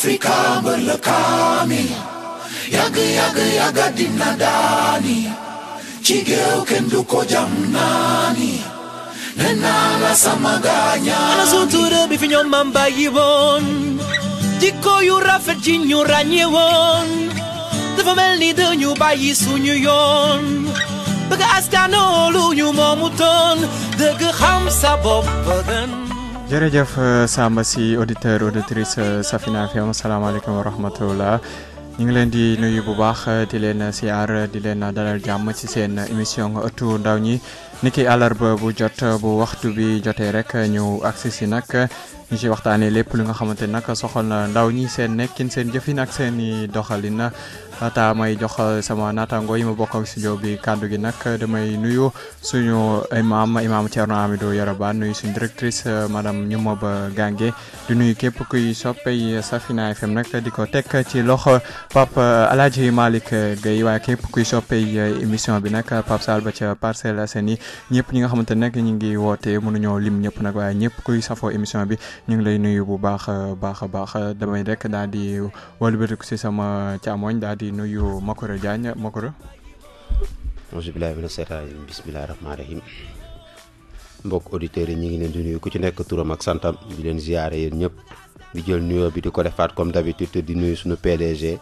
Afrika melekami Yaga yaga yaga dinadani Chigeuke nduko jamnani Nenala samaganya Anazuture bifinyo mamba yibon Diko yura ferjinyo ranyewon Tefameli dunyo bayi sunyo yon Baga astano lunyo momuton Dege hamsa boppaden jërëjëf euh, Samba si auditeur auditrice euh, Safina FM salaamaaleykum wa rahmatullah ñu ngi leen di nuyu bu baax euh, di leen siyaar di leen dalal jàmm ci seen émission ëttu ndaw ñi niki àllarba bu jot bu waxtu bi jotee rek ñëw agsi si nag ñu ci waxtaanee lépp li nga xamante ni nag soxal na ndaw ñi seen nekkin seen jëfin ak seen i doxalin. laata may jox euh, sama naataango yi ma bokk ak studio bi kàddu gi nag euh, damay nuyu suñu imaam imaam Thierno Amidou yara baa nuyu suñu directrice euh, madame Ñumoba Gange di nuyu képp kuy soppey Safina FM nag di ko teg ci loxo Pape Alaaji Malick Gueye waaye képp kuy soppey émission bi nag Pape Sall ba ca Parcelles ni ñëpp ñi nga xamante ne ñu ngi woote mënuñoo lim ñëpp nag waaye ñëpp kuy safoo émission bi ñu ngi lay nuyu bu baax baax a baax damay rek daal di sama càmmoñ daal di nuyu Makoro jaña Makoro Auzu billahi minash shaytani bismillahir rahmanir rahim mbok auditeur ñi ngi leen di nuyu ku ci nekk turam ak santam di leen ziaré yeen ñep di jël nuyu bi di ko defaat comme d'habitude di nuyu suñu PDG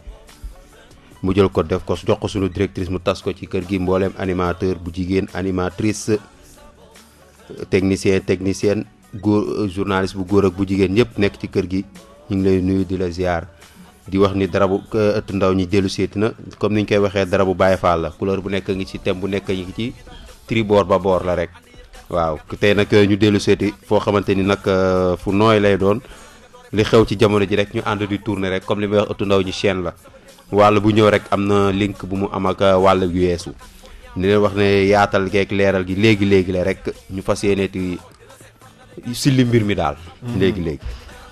mu jël ko def ko jox ko suñu directrice mu tas ko ci kër gi mbolem animateur bu jigen animatrice technicien technicienne journaliste bu góor ak bu jigen ñep nekk ci kër gi ñi ngi lay nuyu di la ziaré di wax ni darabu ëtt ndaw ñi dellu seeti na comme ni ñu koy waxee darabu bu Fall la couleur bu nekk ngi ci thème bu nekk ngi ci tribord ba boor la rek waaw tey nag ñu dellu seeti foo xamante ni nag euh, fu nooy lay doon li xew ci jamono ji rek ñu ànd di tourner rek comme li may wax ëttu ndaw ñi chaîne la wàll bu ñëw rek am na link bu mu am ak euh, wàll yu yeesu ni leen wax ne yaatal geek leeral gi léegi léegi la rek ñu fas yéeneeti si li mbir mi daal. Mm-hmm. léegi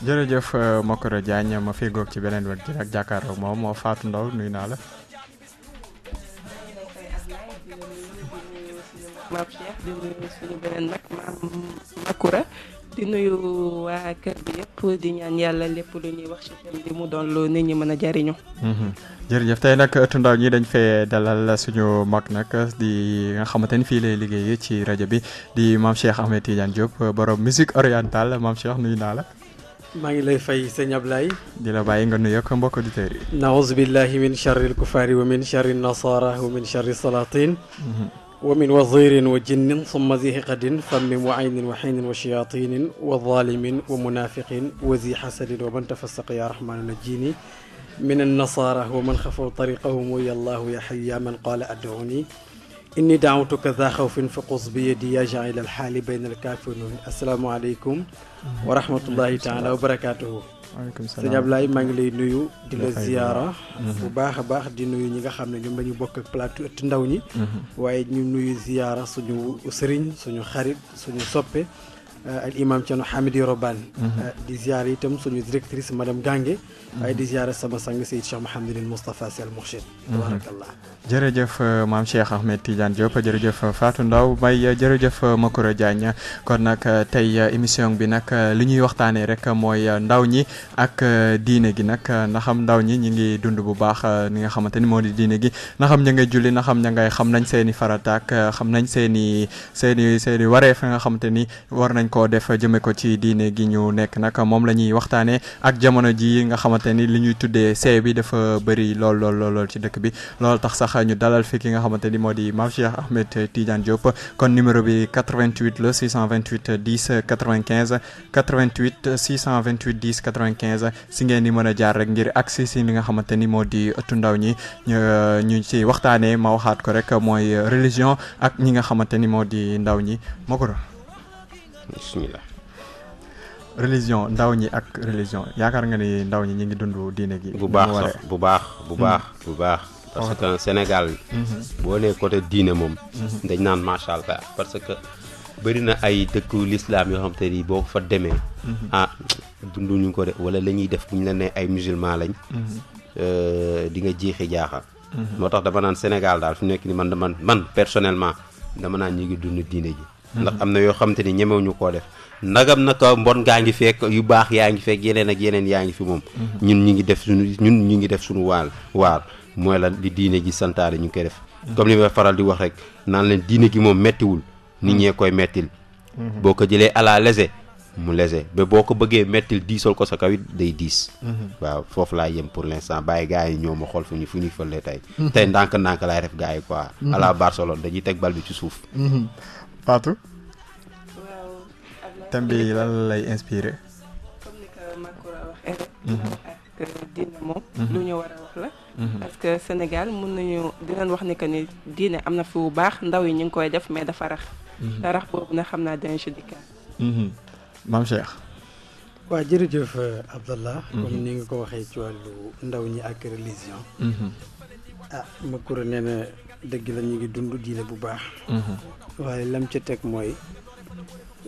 jërëjëf euh, Makoro Diagne ma féegoog ci beneen wet gi nag moom moo Fatou Ndao nuyu nuyu suñu beneen nag maam Makura doon lu nit mën a jariñu mhm. jërëjëf tey nag ëttu euh, ndaw ñi dañ fee dalal suñu mag nag di nga xamante ni fii lay liggéeyee ci rajo bi di maam Cheikh Ahmed Tidiane Diop borom musique orientale maam Cheikh nuyu naa la. maa ngi lay fay sëñ Ablaye di la bàyyi nga nuyoog mbokk auditeurs yi naouzu billahi min charri alkufaari wa min charri nasara wa min charri salatin wa min wazirin wa jinnin summa zi hiqadin fammin wa aynin wa xiinin wa shayatinin wa zalimin wa munafiqin wa zi xasadin wa man tafassaqa ya rahmanu najjini min annasara wa man xafaw tariqahum ya allahu ya xayya man qaala ad'uni إني دعوتك ذا خوف فقص بيدي يجعل الحال بين الكاف والنون السلام عليكم ورحمة الله تعالى وبركاته سيدي عبد الله مانجلي نيو دي الزيارة وباخ باخ دي نيو نيغا خامل نيو مني بوك بلاتو اتنداوني واي نيو نيو زيارة سنو أسرين سنو خريب سنو صبي al imam Thierno Hamidou Robane mhm. euh, di ziar itam suñu directrice madame Gange mhm. waaye di ziar sama sang Seyd Cheikh Mouhamadul Moustapha Sy al Mourchid mhm. tabarakallah jërëjëf euh, maam Cheikh Ahmed Tidiane Diop jërëjëf euh, Fatou Ndaw may jërëjëf Makura kon nag tey émission bi nag li ñuy waxtaanee rek mooy ndaw ñi ak diine gi nag ndaxam ndaw ñi ñi ngi dund bu baax ni nga xamante ni moo di diine gi ndaxam ña ngay julli ndaxam ña ngay xam nañ seen i xam nañ seen i seen i seen i wareef nga xamante ni koo def jëme ko ci diine gi ñu nekk nag moom la ñuy waxtaanee ak jamono ji nga xamante ni li ñuy tuddee see bi dafa bëri lool lool lool ci dëkk bi loolu tax sax ñu dalal fi ki nga xamante ni moo di Mame Cheikh Ahmed Tidiane Diop kon numéro bi 88 la 628 10 95 88 628 10 95 si ngeen di mën a jaar rek ngir agsi si li nga xamante ni moo di ëttu ndaw ñi ñu ci waxtaanee ma waxaat ko rek mooy religion ak ñi nga xamante ni moo di ndaw ñi bismillah religion ndaw ñi ak religion yaakaar nga ni ndaw ñi ñu ngi dund diine gi. bu baax sax bu baax bu hmm. baax bu baax. parce que Sénégal. Hmm. boo nee côté diine moom. Hmm. dañ naan macha allah parce que bëri na ay dëkku lislaam yoo xam te ni boo ko fa demee. ah dunduñu ko de wala la ñuy def bu ñu la nee ay musulman lañ. Euh, di nga jeexi jaaxal. moo tax dama naan Sénégal daal fi nekk nii man man man personnellement dama naan ñu ngi dund diine ji. ndax am na yoo xamante ni ñu koo def ndagam naka mbon gaa ngi fekk yu baax yaa ngi fekk yeneen ak yeneen yaa ngi fi moom mhm. ñun ñu ngi def suñu ñun ñu ngi def suñu waal waar mooy la di diine ji santaane ñu ngi koy def mhm. comme li may faral di wax rek naan leen diine gi moom mettiwul nit mhm. ñee koy mettil boo ko jëlee à la mu lese ba boo ko bëggee mettil diisal ko sa kawit day diis waaw foofu laa yem pour l'instant bàyyi gaa yi ñoo ma xool fu ñu fu ñuy fëlee tey tey ndànk laay def gars yi quoi la Barcelone dañuy teg bal ci suuf Fatou. waaw. thème bi lay inspiré. comme mhm. diine moom. Mhm. lu ñu war a wax la. Mhm. parce que Sénégal mun nañu dinañ wax ni que ni diine am na fi bu baax ndaw yi ñu ngi koy def mais dafa rax. te boobu nag xam naa dinañ si dikkaat. maam Cheikh. waaw jërëjëf Abdallah. comme ni nga ko waxee ci wàllu ndaw ñi ak religion. ah Makura nee dëgg la ñu ngi dund diine bu baax. Mhm. waaye lam ca teg mooy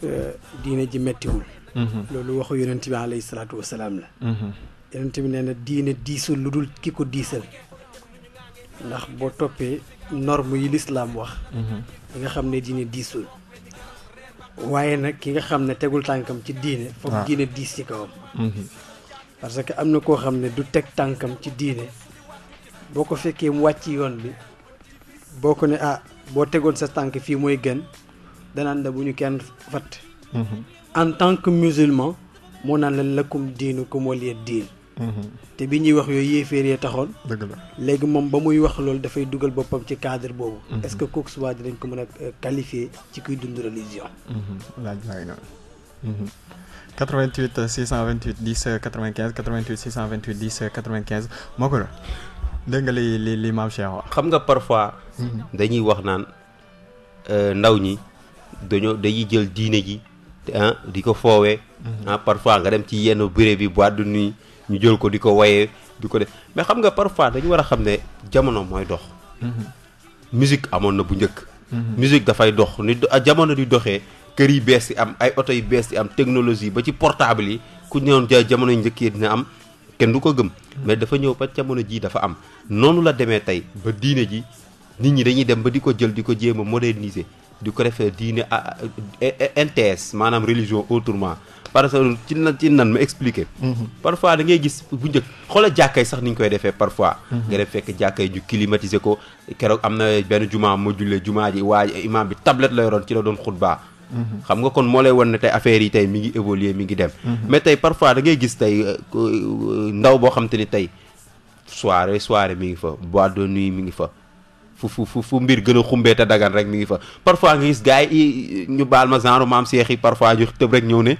euh, diine ji mettiwul. Mhm. loolu waxu yonent bi alayhi salaatu wa salaam la. Mhm. yonent bi nee diine diisul lu dul ki ko diisal. ndax boo toppee norme yi lislaam wax. li nga xam ne diine diisul. waaye nag ki nga xam ne tegul tànkam ci diine. foog ah. diine diis ci kawam. parce que am na koo xam ne du teg tànkam ci diine boo ko fekkee mu wàcc yoon bi. boo ne ah bo tegoon sa tànk fi moy gën danaan la bu kenn fatt mhm. en tant que musulman je naan la lakum diinu ku Je suis diin mhm. te bi ñuy wax yoy yéeféer taxone deug la léegi mom ba muy wax da fay dugal bopam ci cadre bobu mhm. est-ce que kooku subaa dinañ ko mën euh, qualifier ci kuy dund religion laaj maa ngi 88 628 10 95 88 628 10 95 moko dégg nga li li li xam nga parfois. dañuy wax naan euh, ndaw ñi dañoo dañuy jël diine ji ah di ko foowee. Mhm. ah parfois nga dem ci yenn béréb bi bu de nuit ñu jël ko di ko woyee di ko def mais xam nga parfois dañu war a xam ne jamono mooy dox. Mhm. musique amoon na bu njëkk. Mhm. musique dafay dox ni ah, jamono di doxee. kër yi bees yi am ay oto yu bees yi am technologie ba ci portable yi ku ñëwoon jaay jamono yu dina am. ken du ko gëm mais dafa ñëw ba jamono ji dafa am nonu la démé tay ba diiné ji nit ñi dañuy dem ba diko jël diko jéma moderniser diko ko diiné diine ah, ah, NTS maanaam religion autrement parce que ci nan ci nan ma expliquer mhm. parfois da ngay gis bu njëkk xoola jàkkay sax ni ngi koy défé parfois mhm. nga dem fekk jàkkay ñu climatiser ko kérok amna na benn mo ma jullee ji waa imam bi tablette la yoron ci la doon khutba xam nga kon moo lay wan ne tey affaire yi tey mi ngi évoluer mi ngi dem mhm. mais tey parfois da ngay gis tey euh, euh, ndaw boo xam te ni tey soirée soirée mi ngi fa bois de nuit mi ngi fa fu fu fu mbir gën a xumbee te dagan rek mi ngi fa parfois nga gis gars euh, ñu baal ma genre maam seex yi parfois ñu tëb rek ñëw ne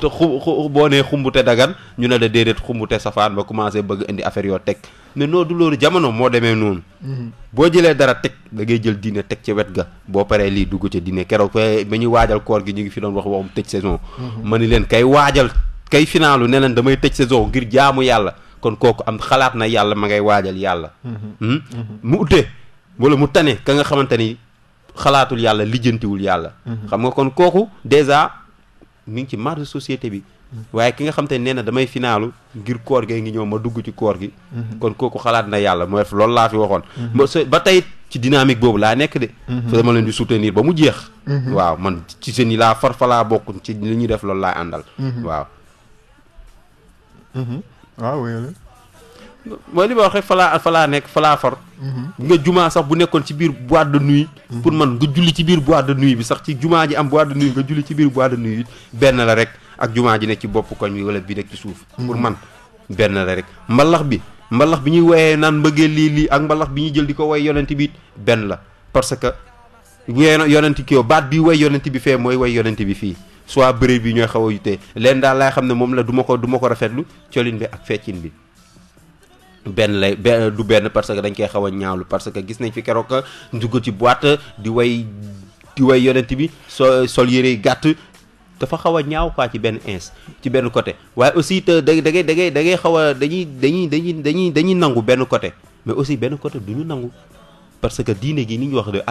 te xu boo nee xumbute dagan ñu ne la déedéet xumbute safaan ba commencé bëgg indi affaire yoo teg ne noo du loolu jamono moo demee noonu. Mhm. boo jëlee dara teg da ngay jël diine teg ca wet ga boo paree lii dugg ca diine keroog ba ñuy waajal koor gi ñu ngi fi doon wax waxum tëj saison. Mhm. ma ni leen kay waajal kay finaalu ne leen damay tëj saison ngir jaamu yàlla kon kooku am xalaat na yàlla ma ngay waajal yàlla. Mhm. Hmm? mu ute wala mu tane ka nga xamante ni xalaatul yàlla lijjantiwul yàlla. xam nga kon kooku dèjà mi ngi ci marge societé bi. waaye ki nga xam te nee na damay finaalu ngir koor gee ngi ñëw ma dugg ci koor gi mhm. kon kooku xalaat na yàlla mooy lool laa fi waxoon mhm. ba tey ci dynamique boobu laa nekk de mhm. fa dama leen di soutenir ba mu jeex waaw man ci seen yi laa far fa laa bokk ci li ñuy def loolu laa àndal waaw waaw mooy li ma wax rek falaa falaa nekk falaa far nga jumaa sax bu nekkoon ci biir boîte de nuit pour man nga julli ci biir boîte de nuit bi sax ci jumaa ji am boîte de nuit nga julli ci biir boîte de nuit benn la rek ak juma ji ne ci bop koñ wi wala bi nek ci suuf pour man ben la rek mbalax bi mbalax bi ñi woyee naan mbëggee li li ak mbalax bi ñi jël di way yonenti bi ben la parce que wéen ki yo baat bi way yonenti bi fee moy way yonenti bi fi soit bëré bi ñoy xawu a yutee da lay xamné mom la duma ko duma ko rafetlu colin bi ak feccin bi ben lay ben du ben parce que dañ koy xawa ñaawlu parce que gis nañ fi kérok dugg ci boîte di way di way yonenti bi so sol yéré gatt dafa xaw a ñaaw quoi ci benn ins ci benn côté waaye aussi te da da ngay da ngay xaw a dañuy dañuy dañuy dañuy dañuy nangu benn côté mais aussi benn côté du ñu nangu parce que diine gi ni ñu wax de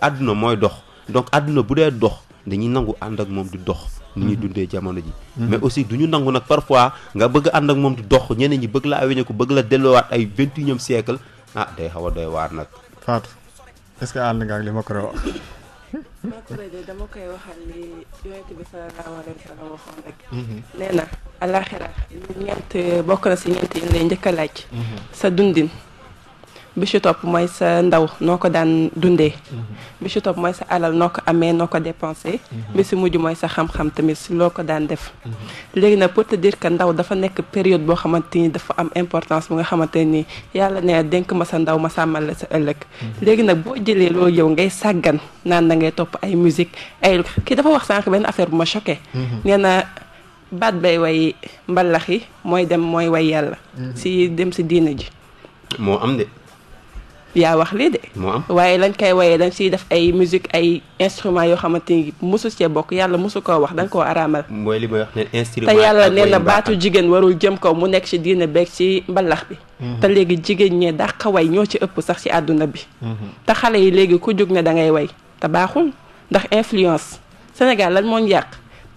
àdduna mooy dox donc àdduna bu dee dox dañuy nangu ànd ak moom di dox ni ñuy mm-hmm. dundee jamono ji mm-hmm. mais aussi du ñu nangu nag parfois nga bëgg ànd ak moom di dox ñeneen ñi bëgg la laa ko bëgg la delloowaat ay vingt-et-unième siècle ah day xaw a doy waar nag Fatou est-ce que ànd nga ak li ma ko wax sama de dama koy waxal li yonent bi salallaahu alayhi wa sallam waxoon rek nee na alaxira ñeent bokk na si ñeent yi lay njëkk a laaj mm-hmm. sa dundin bi ci topp mooy sa ndaw noo ko daan dundee mm-hmm. bi ci topp mooy sa alal noo ko amee noo ko dépensé mm-hmm. bi ci mujj mooy sa xam-xam tamit si loo ko daan def mm-hmm. léegi nag pour te dire ndaw dafa nekk période boo xamante ni dafa am importance bu nga xamante ni yàlla ne dénk ma sa ndaw ma sàmmal la sa ëllëg léegi nag boo jëlee loo yow ngay sàggan naan da ngay topp ay musique ay kii dafa wax sànq benn affaire bu ma choqué nee na baat bay way mbalax yi mooy dem mooy way yàlla si dem si diina ji yaa wax lii de. waaye lañ koy woyee dañ siy def ay musique ay instruments yoo xamante ni mosu cee bokk yàlla mosu koo wax dañ koo araamal. mooy li may wax ne instrument te yàlla nee na baatu jigéen warul jëm kaw mu nekk ci diine beeg ci mbalax bi. Mhm. te léegi jigéen ñee dàq way ñoo ci ëpp sax ci àdduna bi. Mhm. te xale yi léegi ku jóg ne da ngay way te baaxul ndax influence Sénégal lan moo ñu yàq.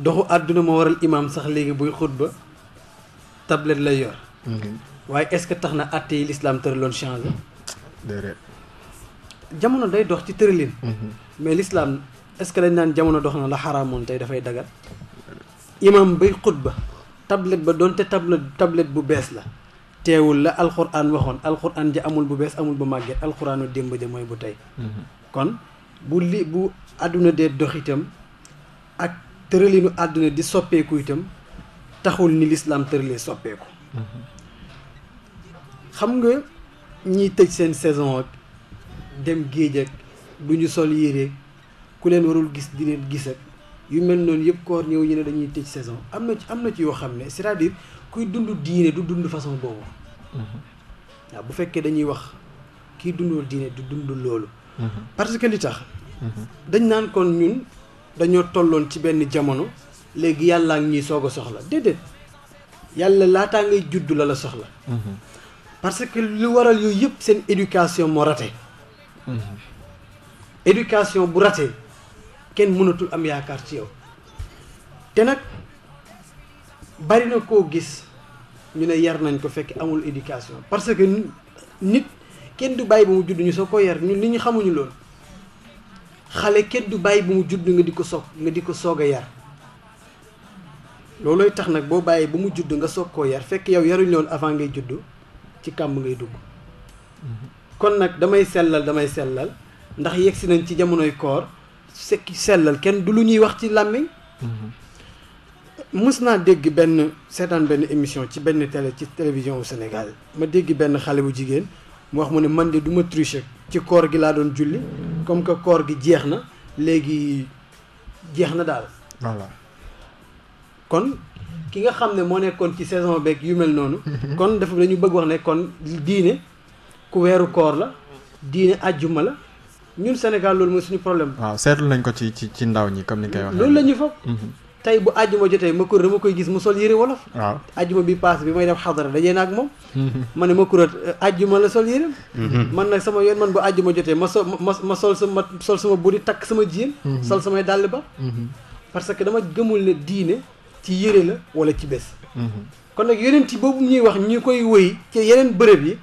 doxu àdduna moo waral imaam sax léegi buy xutba tablette lay yor. waaye est-ce que tax na àtte yi lislaam tëraloon changé. jamono day dox ci tëralin. Mhm. mais lislaam est-ce que dañ naan jamono dox na la xaraamoon tey dafay dagal. imaam bay xutba tablette ba doonte tablette tablet bu bees la. teewul la alxuraan waxoon alxuraan ja amul bu bees amul bu màgget alxuraanu démb ja mooy bu tey. Mhm. kon bu li bu àdduna dee dox itam. tëralinu àdduna di soppeeku itam taxul ni lislaam tëralee soppeeku xam nga ñiy tëj seen saison ak dem géej ak du ñu sol yére ku leen warul gis di leen gis ak yu mel noonu yëpp koor ñëw ñu ne dañuy tëj saison am na ci am na ci yoo xam ne cest à kuy dund diine du dund façon boobu mm-hmm. waaw bu fekkee dañuy wax kiy dundul diine du dund loolu mm-hmm. parce que tax mm-hmm. dañ naan kon ñun dañoo tolloon ci benn jamono léegi yàllaa ngi ñuy soog a soxla déedéet yàlla laataa ngay judd la la soxla. Mhm. parce que lu waral yooyu yëpp seen éducation moo rate mhm. éducation bu raté kenn mënatul am yaakaar ci yow te nag bari na koo gis ñu ne yar nañ ko fekkee amul éducation parce que nit kenn du bàyyi ba mu judd ñu soo ko yar ñun nit ñi xamuñu loolu. xale kenn du bàyyi bu mu judd nga di ko soog nga di ko soog a yar loolooy tax nag boo bàyyi bu mu judd nga soog koo yar fekk yow yaruñ loon avant ngay judd ci kàmb ngay dugg mhm. kon nag damay sellal damay sellal ndax yegsi nañ ci jamonoy koor sekki sellal kenn du lu ñuy wax ci làmmiñ mhm. mës naa dégg benn seetaan benn émission ci benn télé ci télévision au Sénégal ma dégg benn xale bu jigéen mu wax mu ne man de du ma tricher ci koor gi laa doon julli comme que koor gi jeex na léegi jeex na daal. voilà kon ki nga xam ne moo nekkoon ci saison beeg yu mel noonu. Mhm. kon dafa dañu bëgg wax ne kon diine ku weeru koor la diine àjjuma la ñun Sénégal loolu mooy suñu problème. waaw seetlu nañ ko ci ci ci ndaw ñi comme ni koy wax loolu la ñu tey bu àjjuma jotee ma kuréel dama koy gis mu sol yére wolof. waaw àjjuma bi paas bi may def xadara dajee na ak moom. ma ne ma kuréel àjjuma la sol yëre. man na sama yoon man bu àjjuma jotee ma sol ma ma sol sama sol sama budi takk sama jiyeen. sol samay dàll ba. parce que dama gëmul ne diine ci yére la wala ci bés. kon nag yeneen ti boobu ñuy wax ñu koy wëy ci yeneen bërëb yi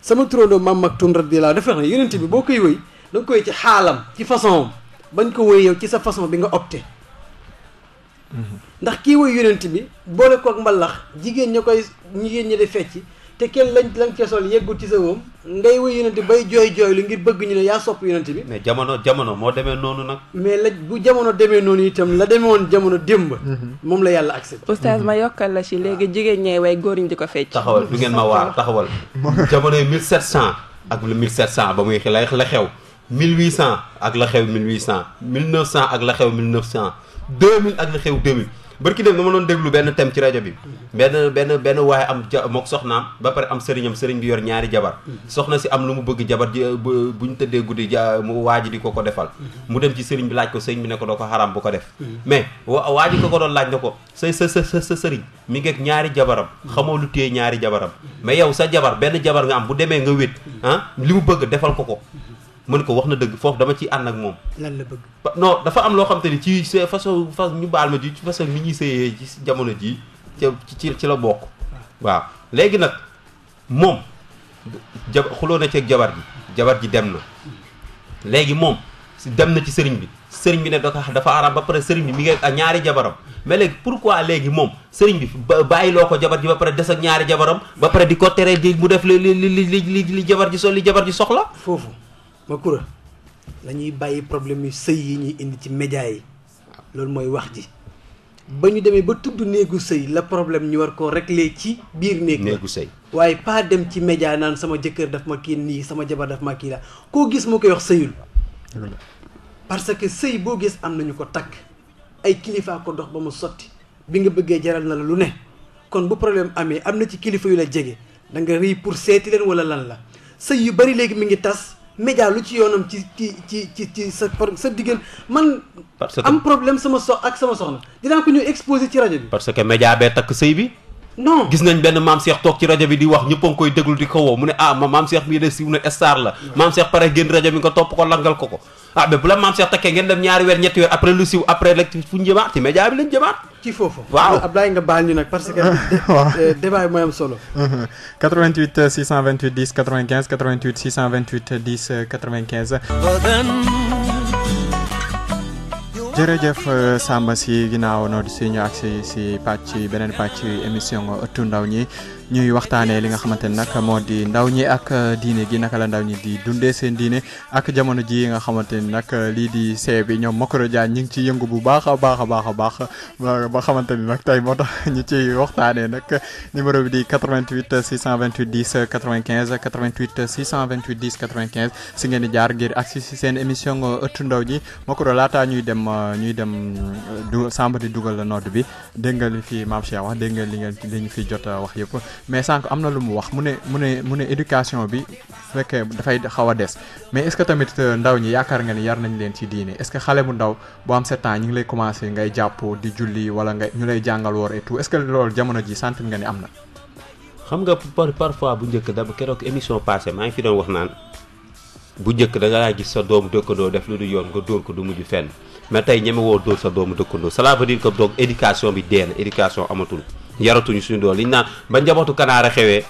sama turandoo maam Maktoum radiyallaahu dafa wax ne yeneen ti boo koy wëy da nga koy ci xaalam ci façon bañ ko wëy ci sa façon bi nga opté. ndax kii woy yonent bi boole kook mbalax jigéen ña koy jigéen ñi di fecc te kenn lañ lañ cee sol yeggul ci sa wóom ngay woy yonent bi bay jooy jooy lu ngir bëgg ñu ne yaa sopp yonent bi mais jamono jamono moo demee nag mais la bu jamono demee noonu itam la demee woon jamono démb moom la yàlla accepté oustaz ma yokkal la ci léegi jigéen ñee way góor ñi di ko fecc taxawal du ngeen ma waar taxawal jamono yi 1700 ak le 1700 ba muy la la xew 1800 ak la xew mil 1800 1900 ak la xew 1900 2000 ak li xew 2000 barki dem dama doon déglu benn thème ci rajo bi benn benn benn waaye am ja mook soxnaam ba pare am sëriñam sëriñ bi yor ñaari jabar soxna si am lu mu bëgg jabar ji bu ñu tëddee guddi ja mu waa ji di ko ko defal mu dem ci sëriñ bi laaj ko sëriñ bi ne ko doo ko xaraam bu ko def mais wa waa ji ko ko doon laaj ne ko sa sa sa sa sëriñ mi ngeeg ñaari jabaram xamoo lu téye ñaari jabaram mais yow sa jabar benn jabar nga am bu demee nga wét ah li mu bëgg defal ko ko mën ko wax na dëgg foofu dama ciy ànd ak moom. lan la bëgg. non dafa am loo xam te ni ci façon façon ñu baal ma ji ci façon mi ñuy seeyee ci jamono ji ci ci la bokk. Ah. waaw léegi nag moom ja xuloo na ceeg jabar jabar ji dem na léegi moom dem na ci sëriñ bi sëriñ bi ne dafa dafa araam ba pare sëriñ bi mi ngi ak ñaari jabaram mais léegi pourquoi léegi moom sëriñ bi bàyyi bàyyiloo ko jabar ji ba pare des ak ñaari jabaram ba pare di ko tere di mu def li li li li li jabar ji so li jabar ji soxla foofu. ma kura nañuy bàyyi problème yu sey yi ñuy indi ci média yi loolu mooy wax ji ba ñu demee ba tudd néegu sëy la problème ñu war koo réglé ci biir néeg néegu sëy waaye dem ci média naan sama jëkkër daf ma kii nii sama jabar daf ma kii la koo gis moo koy wax sëyul parce que sëy boo gis am nañu ko takk ay kilifa ko dox ba mu sotti bi nga bëggee jaral na la lu ne kon bu problème amee am na ci kilifa yu la jege da nga rii pour seeti leen wala lan la sëy yu bari léegi mi ngi tas média lu ci yoonam ci ci ci ci ci sa sa diggante man. am problème sama so ak sama soxna dinaa ko ñu exposé ci rajo bi. parce que média bee takk sëy bi. non gis nañ benn maam Cheikh toog ci rajo bi di wax ñëpp koy déglu di ko woo mu ne ah ma maam Cheikh mii de siiw na star la maam Cheikh pare génn rajo bi nga topp ko langal ko ko ah mais bu la maam Cheikh takkee ngeen dem ñaari weer ñetti weer après lu siiw après rek fu ñu jëmaat ci média bi lañ jëmaat ci foofu waaw Abdoulaye nga baal ñu nag parce que waaw eh, mooy am solo 88 628 10 95 88 628 10 95 jërëjëf euh, Samba si ginnaaw noonu si ñu agsi si pàcc beneen pàcc émission ëttu ndaw ñi ñuy waxtaanee li nga xamante ne nag moo di ndaw ñi ak diine gi naka la ndaw ñi di dundee seen diine ak jamono ji nga xamante ne nag lii di see bi ñoom Makoro Dia ñi ngi ci yëngu bu baax a baax a baax a baax ba xamante ni nag tey moo tax ñu ci waxtaanee nag numéro bi di 88 628 10 95 88 628 10 95 si ngeen di jaar ngir ak si seen émission ëttu ndaw ji Makoro laata ñuy dem ñuy dem du samba di dugal nodd bi dégg li fi maam Cheikh wax dégg li ngeen li ñu fi jot wax yëpp mais sànq am na lu mu wax mu ne mu ne mu ne éducation bi fekkee dafay xaw a des mais est-ce tamit euh, ndaw ñi yaakaar nga ni yar nañ leen ci diine est-ce que xale bu ndaw bu am sept ans ñu ngi lay commencé ngay jàpp di julli wala nga ñu lay jàngal woor et tout est loolu jamono ji sentir nga ni am na. xam nga par parfois bu njëkk dama keroog émission passée maa ngi fi doon wax naan bu njëkk da nga laa gis sa doomu dëkkandoo def lu du yoon nga dóor ko du mujj fenn mais tey ñeme woo dóor doomu dëkkandoo cela veut dire que donc éducation bi dee na éducation amatul. yaratuñu suñu dool doole ñu naan ba njabootu kanaara xewee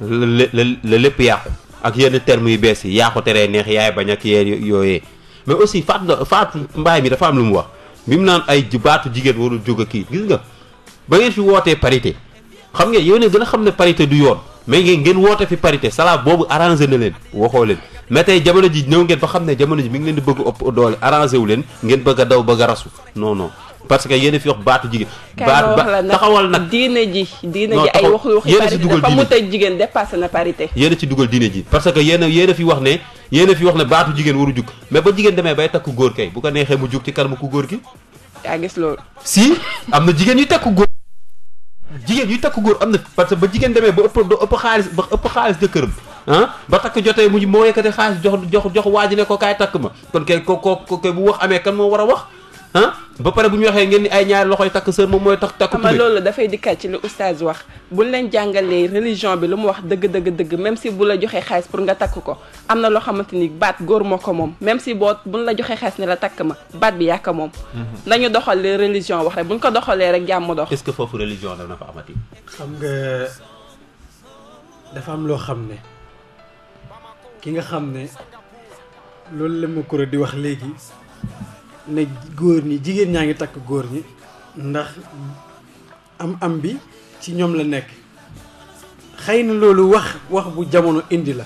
la la lépp yàqu ak yenn termes yu bees yi yaa ko teree neex yaay bañ ak yee yooyee mais aussi faat faatu mbaay mi dafa am lu mu wax bi mu naan ay baatu jigéen warul jóg a kii gis nga ba ngeen fi wootee parité xam ngeen yow ne gën a xam ne parité du yoon mais ngeen ngeen woote fi parité sala boobu arrangé na leen waxoo leen mais tey jamono ji ñëw ngeen ba xam ne jamono ji mi ngi leen di bëgg ëpp doole arrangé wu leen ngeen bëgg daw bëgg a rasu non parce que yéen fi wax baatu jigéen. ba taxawal nag diine ji. diine ji ay waxu waxi parité dafa mu tëj jigéen ji que yéen a yéen a fi wax wax ne baatu jigéen waru jug mais ba jigéen demee bay takku góor kay bu ko neexee mu jug am na jigéen yu takku góor. jigéen yu takku góor am na parce que ba ba ëpp ëpp xaalis ba ëpp xaalis jëkkëram ah ba takk jotee mu moo yëkkati xaalis jox jox jox waa ji ne ko kaay takk ma kon kay ko ko kay bu wax amee kan moo war a wax ah ba pare bu ñu waxee ngeen ni ay ñaari loxoy takk sër moom mooy tax takk tubéy loolu dafay dikkaat ci li oustaz wax buñ leen jàngalee religion bi lu mu wax dëgg dëgg dëgg même si bu la joxee xaalis pour nga takk ko am na loo xamante ni baat góor moo ko moom même si boo buñ la joxee xaalis ne la takk ma baat bi yàq moom mhm. nañu doxal li wax buñ ko doxalee rek jàmm dox est foofu religion dana fa amati xam nga dafa am loo xam ne ki nga xam ne loolu la ma koro di wax léegi ne góor ñi jigéen ñaa ngi takk góor ñi ndax am am bi ci ñoom la nekk xëy na loolu wax wax bu jamono indi la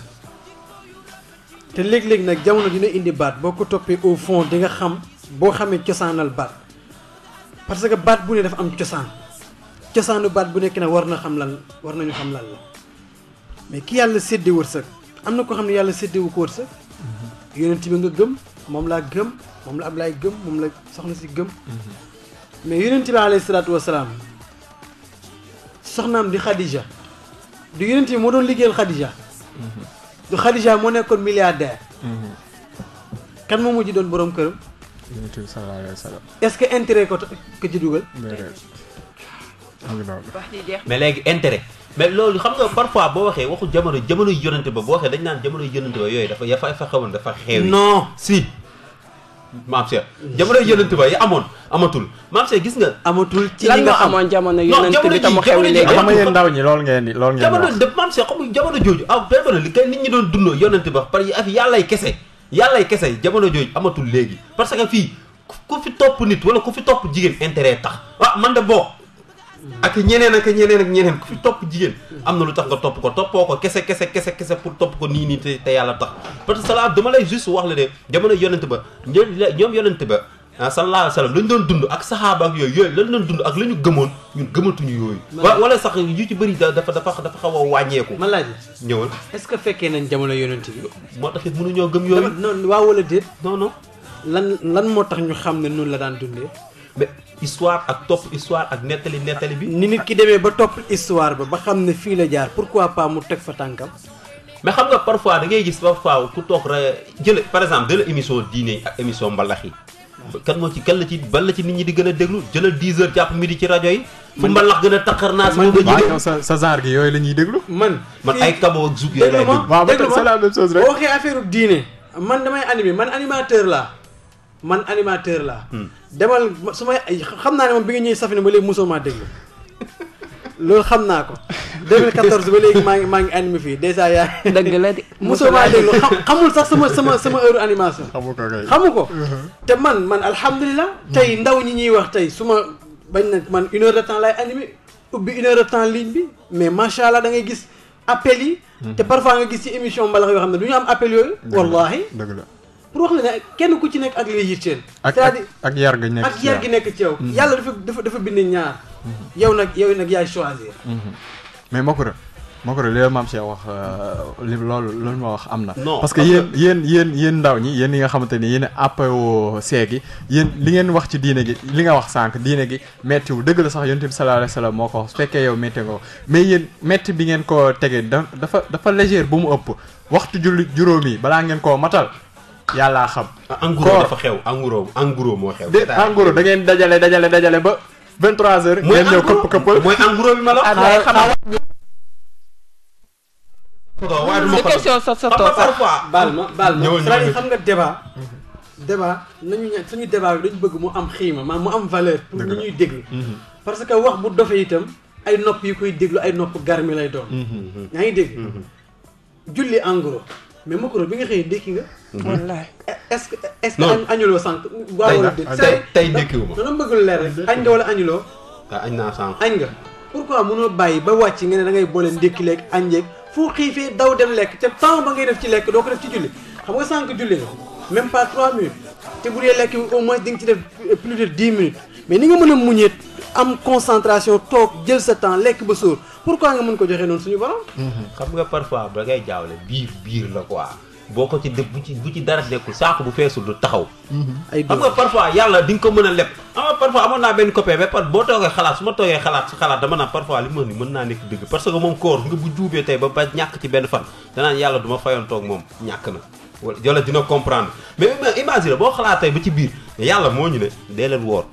te léeg-léeg nag jamono dina indi baat boo ko toppee au fond di nga xam boo xamee cosaanal baat parce que baat bu ne dafa am cosaan cosaanu baat bu nekk nag war na xam lan war nañu xam lan la mais ki yàlla sédde wërsëg am na ko xam ne yàlla séddewu ko wërsëg mhm. yonent bi nga gëm moom laa gëm moom la Ablaye gëm moom la soxna si gëm mhm. mais yonent bi alayhi salaatu wasalaam soxnaam di Khadija du yonent bi moo doon liggéeyal Khadija mhm. du Khadija moo nekkoon milliardaire mhm. kan moo mujj doon boroom këram yonent bi sallallahu alayhi wa sallam est-ce que intérêt ko ko ci dugal mais léegi intérêt mais loolu xam nga parfois boo waxee waxu jamono jamono yonent ba boo waxee dañ naan jamono yonent ba yooyu dafa ya fa xewoon dafa xeewi non si maam Cheikh jamono yonent ba yi amoon amatul maam Cheikh gis nga amatul ci li nga amoon jamono yonent bi tam xew léegi xam ngeen ndaw ñi loolu ngeen loolu ngeen jamono de maam Cheikh xam jamono jooju aw ah, benn li kay nit ñi doon dundoo yonent kese yàllay kese amatul léegi parce que fii ku fi topp nit wala ku fi topp jigéen intérêt tax ah man de boo ak ñeneen ak ñeneen ak ñeneen ku fi topp jigéen am na lu tax nga topp ko toppoo ko kese kese kese kese pour topp ko nii nii te te yàlla tax parce que cela dama lay juste wax la de jamono yonent ba ñoom yonent ba ah, sallallahu alayhi wa sallam doon dund ak saxaaba ak yooyu yooyu lañ doon dund ak la ñu gëmoon ñun gëmatuñu yooyu wala sax yu ci bëri dafa dafa dafa xaw a wàññeeku ma laaj ñëwal est-ce que fekkee nañ jamono yonent bi moo tax it mënuñoo gëm yooyu noonu waaw wala déet lan lan moo tax ñu xam ne noonu la daan dundee ba histoire ak topp histoire ak nettali nettali bi. ni nit ki demee ba topp histoire ba ba xam ne fii la jaar pour pourquoi pas mu teg fa tànkam. mais xam nga parfois da ngay gis parfois ku toog rek jël par exemple de la émission diine ak émission mbalax yi. kan moo ci kan la ci ban di gën a déglu jëlal 10 heures jàpp midi ci rajo yi. fu mbalax gën a taxar naa si moom sa sa genre gi yooyu lañuy ñuy déglu. man man ay kabo ak zug yooyu laay déglu. waaw boo waxee affaire diine man damay animé man animateur laa. man animateur laa. Hmm. demal su may xam naa ne moom bi nga ñuy safina ba léegi mosoo maa déglu loolu xam naa ko 2014 ba léegi maa ngi maa ngi animé fii dèjà yaa. dëgg la de mosoo maa déglu xamul sax sama sama sama animation. xamu ko kay xamu ko. Uh-huh. te man man alhamdulilah. tey hmm. ndaw ñi ñuy wax tey su ma bañ na man une heure de temps lay animé ubbi une heure de temps ligne bi mais macha allah da ngay gis appel yi. Hmm. te parfois nga gis ci émission mbalax yoo xam ne du ñu am appel yooyu. wallahi dëgg la. pour wax la ne kenn ku ci nekk ak li yitteel. ak yar gi nekk ak nekk ci yow. Mm-hmm. yàlla dafa dafa dafa bind mm-hmm. yow nag yow nag yaay choisir. Mm-hmm. mais Makura Makura li maam Cheikh wax euh, li loolu loolu ma wax am na. parce que yéen yéen yéen yéen ndaw ñi yéen yi nga xamante ni yéen a appewoo yéen li ngeen wax ci diine gi li nga wax sànq diine gi méttiwul dëgg la sax yonent bi sallallahu alayhi wa moo ko su fekkee yow métti mais yéen métti bi ngeen ko tegee dafa dafa légère bu mu ëpp waxtu julli juróom yi balaa ngeen koo matal yàllaa xam. en ah, xew en gros en gros moo xew. en gros da dajale dajale dajale ba 23h. mooy en gros ñëw këpp këppal mooy en bi ma la. Ah, question sa sa toog parfois baal ma xam nga débat débat nañu ñaan suñu débat bi dañu bëgg mu am xiima maanaam mu am valeur pour ñu ñuy déglu mm-hmm. parce que wax bu dofee itam ay nopp yi koy déglu ay nopp garmi lay doon mm-hmm. yaa ngi dégg mm-hmm. julli en mais Makoro bi nga nga. Mhm. est-ce que est-ce que. non dit sànq. tey tey dékkiwuma dana bëgg leer rek añ nga wala añuloo. waaw añ na añ nga pourquoi mëno bayyi ba wacc nga da ngay añ fu xifé daw dem temps ba ngay def ci do ko def ci xam même pas 3 minutes te bu dee lekk au moins plus de 10 minutes mais ni nga mën a am concentration toog jël temps lekk ba pour pourquoi nga mën ko joxe noonu suñu borom. Mhm. xam nga parfois da ngay jaawle biir biir la quoi. boo ko ci def bu ci bu ci dara nekkul saako bu feesul du taxaw. Mhm. ay xam nga parfois yàlla di ko mën a leb. ama ah, parfois amoon naa benn copain ba boo toogee xalaat su ma toogee xalaat su xalaat dama naan parfois li ma ni mën naa nekk dëgg parce que moom koor bu juubee tey ba ba ñàkk ci benn fan danaan yàlla du ma fayoon toog moom ñàkk na. wala dina comprendre mais imagine boo xalaat tey ba ci biir yàlla moo ñu ne dee leen woor.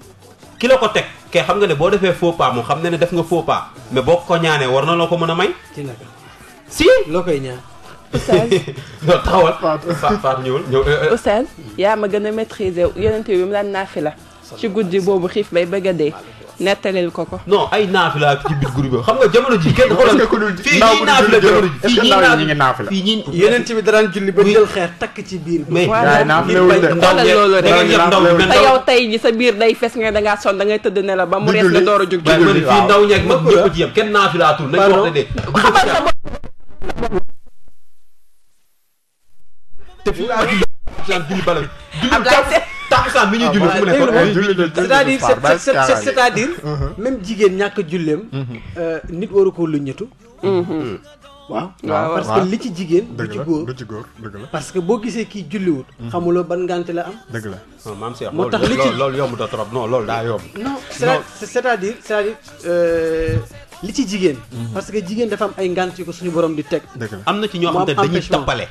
kilo ko teg kay xam nga ne boo defee faux pas moom xam ne ne def nga faux pas mais boo ko ñaanee war na loo ko mën a may. si loo koy ñaan. Oustaz non taxawal Fatou ñëwul ñëw. Euh, euh. Oustaz yaa ma gën a maîtriser yonente bi mu daan naafi la. ci guddi boobu xiif bay bëgg a dee. nettalil ko ko. non ay naafi la xam nga jamono ji kenn xoolal fii ñii naafi la jamono ji fii ñii naafi la ñii yeneen ci bi daraan julli ba jël xeer takk ci biir bi waaye naafi la te sa biir day fes nga da ngaa sonn da ngay tëdd ne la ba mu rees nga door a jóg ci man fii ndaw ñeeg mag ñëpp ci yem kenn naafi laa tur wax de xamal takkusaan mi ñuy ah, julli fu mu nekk cest mhm. jigéen ñàkk julleem mhm. euh, nit waru ko lu ñëtu waaw waaw parce que li ci jigéen du ci góor du ci góor la parce que boo gisee kii julliwut mhm. xamuloo ban ngànte la am dëgg la non maam moo tax li ci loolu yomb da trop non loolu daa yomb non cest euh, li ci jigéen parce que jigéen dafa am ay ngànt ko suñu borom di teg am na ci ñoo xam ne dañuy tappale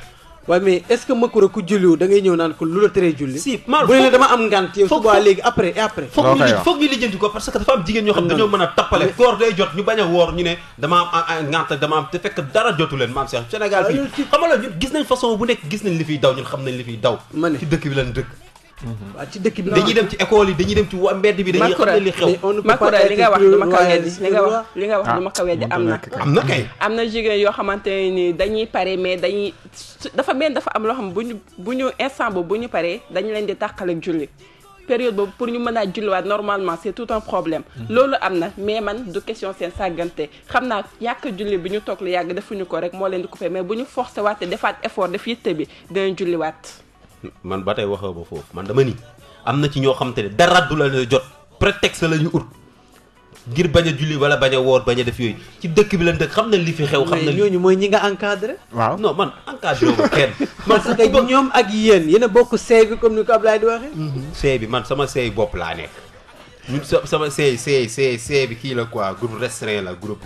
waaye mais est-ce que makura ku julliwu da ngay ñëw naan ko lu la teree julli si maar bu dama am ngant yow suba léegi après et après foog ñu foog ñu ko parce que dafa am jigéen ñoo xam ne dañoo mën a tappale koor day jot ñu bañ a woor ñu ne dama am ngant dama fekk dara jotu leen maam Cheikh Sénégal fii ah, xam nga la ñun gis nañ façon bu nekk gis nañ li fi daw ñun xam nañ li fiy daw ma ne ci dëkk Mm-hmm. waaw ci dëkk bi dañuy dem ci école yi dañuy dem ci wa mbedd bi dañuy xam li xew Makura li nga wax du ma ko weddi li nga wax li nga wax du ma ah. ko weddi am na am na kay am na jigéen yoo xamante ni dañuy pare mais dañuy dafa benn dafa am loo xam bu ñu bu ñu instant boobu bu ñu paree dañu leen di tàqal ak julli période boobu pour ñu mën a julliwaat normalement c'est tout un problème mm-hmm. loolu am na mais man du question seen sàggante xam naa yàq julli bi ñu toog lu yàgg defuñu ko rek moo leen di coupé mais bu ñu forcé waate defaat effort def yitte bi dinañ julliwaat man ba tey waxoo ba foofu man dama ni am na ci ñoo xam te ne dara du la jot prétexte la ñu ut ngir bañ a julli wala bañ a woor bañ a def yooyu ci dëkk bi lañ dëkk xam na li fi xew. xam na ñooñu mooy ñi nga encadré. waaw non man encadré wu ma kenn. man ñoom ak yéen yéen bokk seey comme ni ko Ablaye di waxee. Mhm. seey bi man sama seey bopp laa nekk ñun sama seey seey seey seey bi kii la quoi groupe restreint la groupe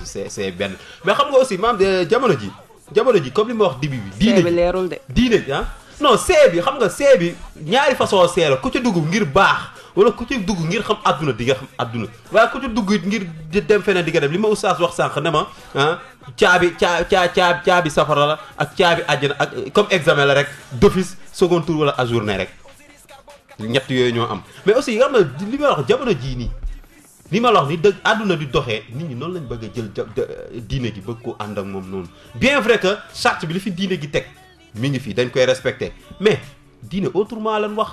benn mais xam nga aussi maam euh, jamono ji jamono ji comme li ma wax dibi bi. diine seey bi leerul de diine ah. non see bi xam nga see bi ñaari façon see la ku ci dugg ngir baax wala ku ci dugg ngir xam àdduna di nga xam àdduna waaye ku ci dugg it ngir dem feneen di nga dem li ma oustaz wax sànq ne ma ah caabi caa caa caabi safara la ak caabi àjjana ak comme examen la rek d'office second tour wala ajourné rek ñett yooyu ñoo am mais aussi nga xam ne li ma wax jamono jii nii li ma la wax ni dëgg àdduna di doxee nit ñi noonu lañ bëgg a jël diine gi bëgg ko ànd ak moom noonu bien vrai que charte bi li fi diine gi teg mi ngi fii dañ koy respecté mais diine autrement lan wax.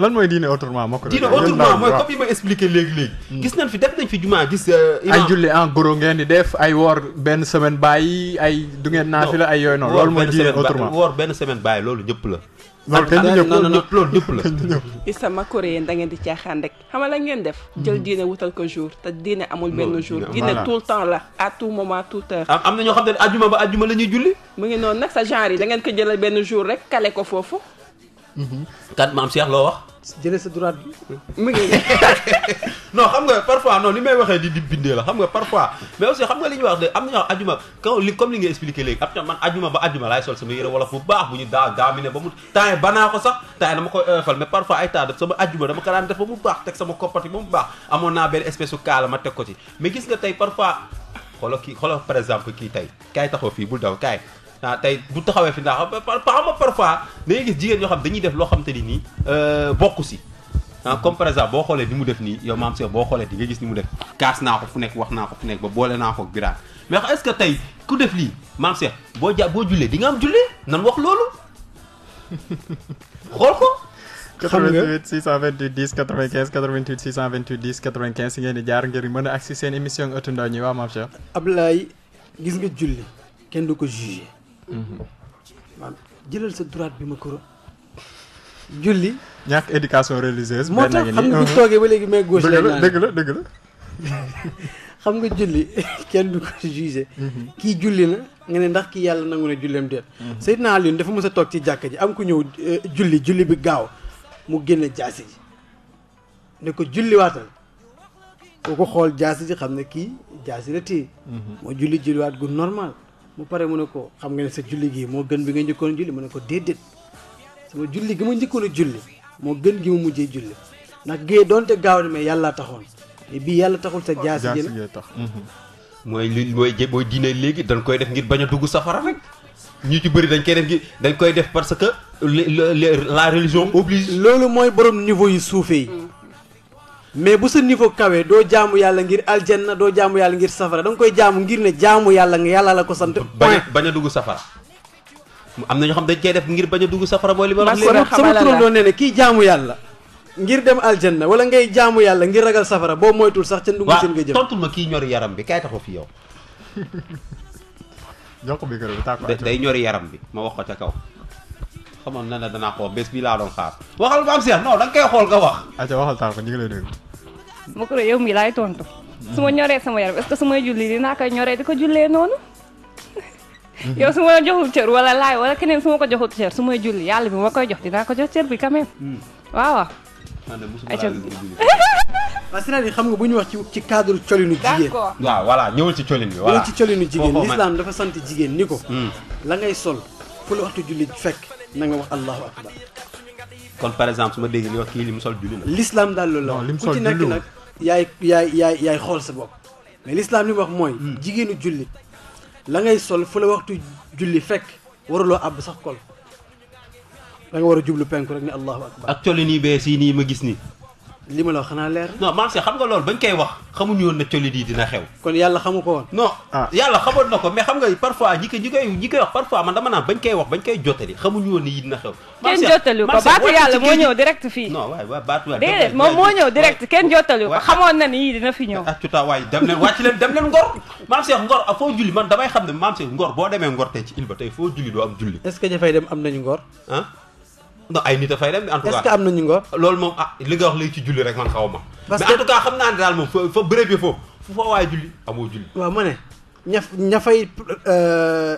lan mooy diine autrement moo ko. autrement mooy comme yi ma expliqué léegi hmm. gis nañ fi def nañ fi gis. Euh, ay julli en gros def ay woor benn semaine bàyyi ay du ngeen la ay yooyu autrement woor benn semaine bàyyi loolu ñëpp la. loolu kenn du ñëw non non la isama coréen da ngeen di caaxaan rek xam nga la ngeen def jël mm. diine wutal ko jour te diine amul benn jour diine tout le temps la à tout moment tout heure am na ñoo xam ne ajuma ba ajuma la julli mu ngi noonu nag sa genre yi da ngeen ko jëlal benn jour rek kale ko foofu mm-hmm. kat maam Cheikh loo wax jëlee sa droite bi. mu xam nga parfois non li may waxee di di bindee la xam nga parfois mais aussi xam nga li ñuy wax de am na ñoo ajuma li comme li nga expliqué léegi ab tam man ba ajuma laay wala bu baax bu ñu daa gaamine ba mu temps banaa ko sax temps dama koy oyofal mais parfois ay temps def sama ajuma dama ko daan def ba mu baax teg sama koppati ba mu baax amoon naa benn espèce su kaala ma teg ko ci mais gis nga tey parfois xoolal kii xoolal par exemple kii tey kaay taxaw fii bul daw kaay ah tey bu taxawee fi ndax xam nga parfois dañuy gis jigéen ñoo xam dañuy def loo xam te ni nii euh, bokk si ah comme par exemple boo xoolee ni mu def nii yow maam boo xoolee di nga gis ni mu def kaas naa ko fu nekk wax naa ko fu nekk ba boole naa ko ak biraan mais est-ce que tey ku def lii ja boo jullee di nga am jullee wax loolu xool ko. xam nga 88 628 10 95 88 628 10 a agsi seen émission ëttu ndaw ñi waaw maam Cheikh. Ablaye gis nga julli kenn du ko jugé. maanaam mm-hmm. jëlal sa droite bi ma koro julli. ñàkk éducation religieuse. moo tax xam nga mais gauche xam nga julli kenn du ko jugé. Mm-hmm. kii julli na nga ne ndax kii yàlla nangu ne julleem déet. Mm-hmm. Seydina Alioune dafa mës a toog ci jàkka ji am ku ñëw euh, julli julli bi gaaw mu génn jaasi ji ne ko julliwaatal koo ko xool jaasi ji xam ne kii jaasi la téye. moo julli julliwaat gu normal. mu pare mu ne ko xam nga ne sa julli gi mo gën bi nga njëkkoon julli mu ne ko déedéet sama julli gi ma njëkkoon julli mo gën gi mu mujjé julli nak gée donte gaaw na mais yàlla taxoon mais bi yalla taxul sa jaasi ji tax mhm. mooy li mooy jé boy diine légui dañ koy def ngir baña dugg safara rek ñu ci bëri dañ koy def dañ koy def parce que la religion oblige lolu moy borom niveau yu suufee mais bu sa niveau kawee doo jaamu yàlla ngir aljanna doo jaamu yàlla ngir safara da koy jaamu ngir ne jaamu yàlla nga yàlla la ko sant. point bañ a dugg safara. am na ñoo xam dañ koy def ngir bañ a dugg safara mooy li ma wax. léegi sama turandoo nee na kii jaamu yàlla. ngir dem aljanna wala ngay jaamu yàlla ngir ragal safara boo moytul sax ca ndugg seen nga jëm. ma kii ñori yaram bi kay taxaw fi yow. jox ko bi day ñori yaram bi ma wax ko ca kaw. xamoon na ne danaa ko wax bés bi laa doon xaar waxal maam Cheikh non da nga koy xool nga wax. ayca waxal tànk ma ko yow mii su ma ñoree sama yaram est ce que su may julli dinaa koy ñoree di ko su ma la joxul ma ko joxul cër su hmm. bu ñu wax ci ci cadre colinu jigéen waaw voilà ñëwal ci colin bi voilà ñëwal ci colinu jigéen l'islam dafa sant jigéen ni ko hmm. la ngay sol fu la waxtu julli fekk na nga wax allahu akbar kon par exemple su ma déggee li wax kii li mu sol julli na l'islam daal loolu la non li mu sol julli nag yaay yaay yaay yaay xool sa bopp mais l'islam li wax mooy hmm. jigéenu julli la ngay sol fu la waxtu julli fekk waruloo àbb sax kol da war a jublu penku rek ni allahu akbar ak coli nii bees yi nii ma gis nii li ma la wax xanaa leer non maam Cheikh xam nga loolu bañ koy wax xamuñu woon ne colit yi dina xew kon yàlla xamu ko woon non ah. yàlla xamoon na ko mais xam nga parfois ñi ko ñi koy ñi koy wax parfois man dama naan bañ koy kenn jottali ko baatu yàlla na ni dina fi ñëw acuta ah, waay maam Cheikh ngor ah, foo julli man damay xam ne maam Cheikh ngor boo demee ngor tey ci il ba tey foo julli doo am julli est-ce dem am nañu ngor non ay nit a fay dem. en tout cas est-ce que am nañu ngor. loolu moom ah li nga wax léegi ci julli rek man xaw ma. parce que mais xam naa ne daal moom fa fa bërëb yi foofu fu fa waay julli amoo julli. waaw ma ne ña ña fay euh,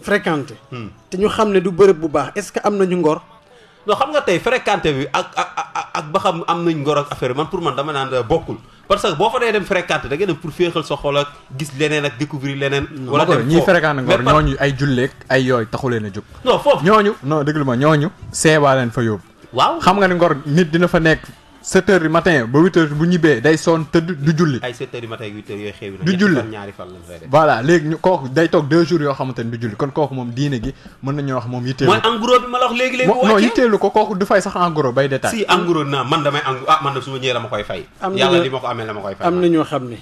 fréquenté. Hmm. te ñu xam ne du bërëb bu baax est-ce que am nañu ngor. non xam nga tey fréquenté bi ak ak. ak ba xam am nañ ngor ak affaire man pour man dama naan euh, bokkul parce que boo fa dee dem fréquente da ngay a pour féexal sa xol ak gis leneen ak découvrir leneen. wala dem ñi fréquente ngor ñooñu ay julleeg ay yooyu taxu leen a jóg. ñooñu non déglu ma ñooñu. seebaa leen fa yóbbu. waaw xam nga ne ngor nit dina fa nekk. 7 heures du matin ba 8 bu ñibbee day sonn te du julli. ay 7 heures du matin ak 8 heures yooyu xew na. du julli ñaari fan lañ léegi ñu kooku day toog 2 jours yoo xamante ni du julli kon kooku moom diine gi mën nañoo wax moom yitteelu. mooy en gros bi ma la wax léegi léegi. wàcce non yitteelu ko kooku du fay sax en gros bay détail. si en naa man damay en ah man nag su ma la ma koy fay. am na yàlla li ma la ma koy fay. am ñoo xam ne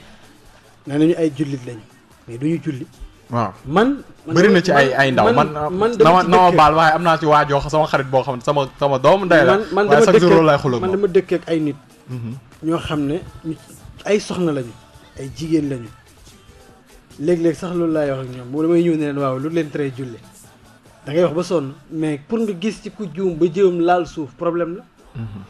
nee nañu ay jullit lañu mais duñu julli waaw man. bëri na ci ay ay ndaw man man uh, dama na ma baal am naa ci waajoo sama xarit boo xam ne sama sama doomu ndey la. man dama dëkkee man dama dëkkee ak ay nit. Mhm. ñoo xam ne ay soxna lañu ay jigéen lañu léeg-léeg sax loolu laay wax ak ñoom moo damay ñëw ne leen waaw lu leen tere julle da ngay wax ba sonn mais pour nga gis ci ku juum ba jëwam laal suuf problème la. Mhm.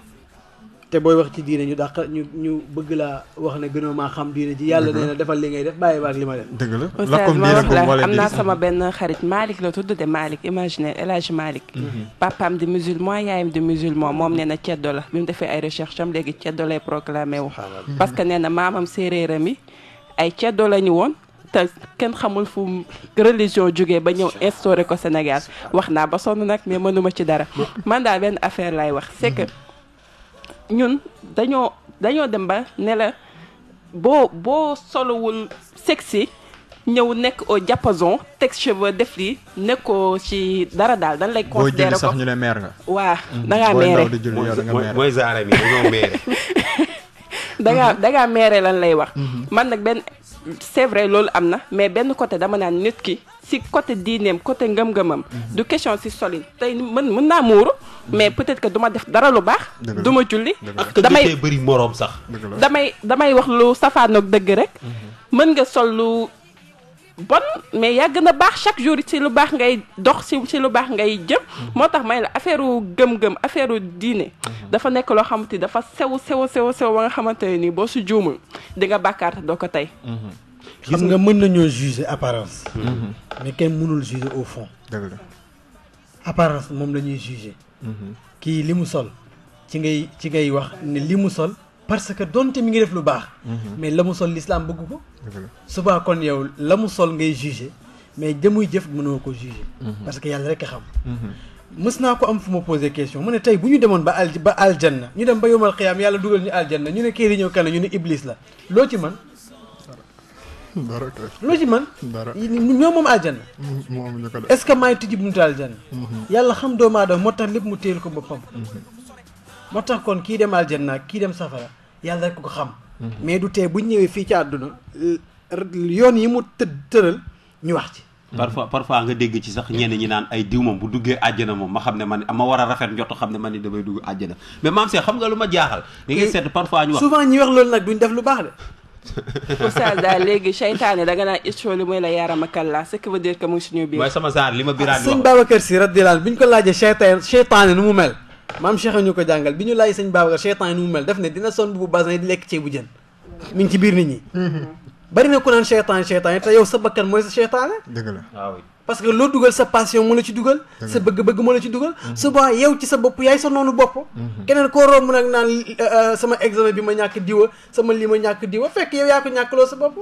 te booy wax ci diine ñu dàq ñu ñu bëgg laa wax ne gënoo maa xam diine ji yàlla nee defal li ngay def bàyyi baak li ma def dëgg la lakkum diine ko naa sama benn xarit Malick la tudd de Malick imaginaire El Hadj Malick mhm. mm-hmm. papaam di musulman yaayam di musulman moom nee na ceddo la bi mu defee ay recherche am léegi ceddo lay proclamé wu parce que nee na maamam séeréer mi ay ceddo la ñu woon te kenn xamul fu religion jógee ba ñëw instauré ko Sénégal wax naa ba sonn nag mais mënuma ci dara man daal benn affaire lay wax c'est ñun dañoo dañoo dem ba ne la boo boo solowul sexy ñëw nekk au diapason teg cheveux def lii nekkoo ci dara daal dañ lay. considéré ko sax ñu ne meer nga. waa hmm. da ngaa meere mooy mooy zaare bi dañoo meere. da ngaa da ngaa meere lan lay wax. Hmm. man nag benn c'est vrai loolu am na mais benn côté dama naan nit ki si côté diineem côté ngëm-ngëmam. Mhm. du question si solide tey mën mën naa muuru. Mhm. mais peut-être que du ma def dara lu baax. du ma julli. damay bëri moroom sax. damay damay wax lu safaanoog dëgg rek. Mhm. mën nga sol lu bon mais il y a chaque jour ci lu baax ngay dox ci lu baax ngay jëm mm-hmm. motax may la affaire gëm-gëm affaire mm-hmm. dafa ont lo dafa sew sew sew sew nga ont ne nii nga mm-hmm. juger apparence mais ken juger au fond dëgg apparence mom lañuy juger fait sol ci ngay ci ngay wax ont limu sol parce que donte mi ngi def lu baax. Mhm. mais la mu sol l'islam bëgg ko. suba kon yow la mu sol ngay jugé mais jëmuy jëf mënoo ko jugé. Mhm. parce que yàlla rek a xam. Mhm. mës naa ko am fu ma posé question mu ne tey bu ñu demoon ba al ba aljanna ñu dem ba yomal xiyaam yàlla dugal ñu aljanna ñu ne kii di ñëw kan ñu ne iblis la loo ci man dara loo ci man dara ñoo moom aljanna est ce que maay tijji buntu aljanna yàlla xam doomu aadama moo tax lépp mu téel ko boppam moo tax kon kii dem aljanna kii dem safara yàlla rek ko xam. Hmm. mais du tee bu ñëwee fii ci àdduna yoon yi mu të tëral ñu wax ci. Hmm. parfois parfois nga dégg ci sax ñenn ñi naan ay diw moom bu duggee àjjana moom ma xam ne man ma war a rafet njott xam ne man ni damay dugg àjjana mais maam Cheikh xam nga lu ma jaaxal. da ngay seet parfois ñu wax souvent ñi wax loolu baax de. oustaz daal léegi seytaane danga naan istro li mooy la yaarama kàllaa ce qui biir. mooy sama saar li ma biraan di wax sëñ Babacar Si radiyallaahu bi ñu ko laajee seytaane seytaane nu mu mel. maam Cheikh ñu ko jàngal bi ñu laaj sëñ Babacar seytaan yi nu mu mel def ne dina son bu basin di lekk ceebu jën mi ngi ci biir nit ñi mhm. bari na ku naan seytaan seytaan te yow sa bakkan mooy sa seytaane dëgg la waaw parce que loo dugal sa passion moo la ci dugal sa bëgg-bëgg moo la ci dugal su baa yow ci sa bopp yaay sa noonu bopp mhm. keneen koo romb nag naan euh, sama examen bi ma ñàkk diwa sama li ma ñàkk diwa fekk yow yaa ko ñàkkaloo sa bopp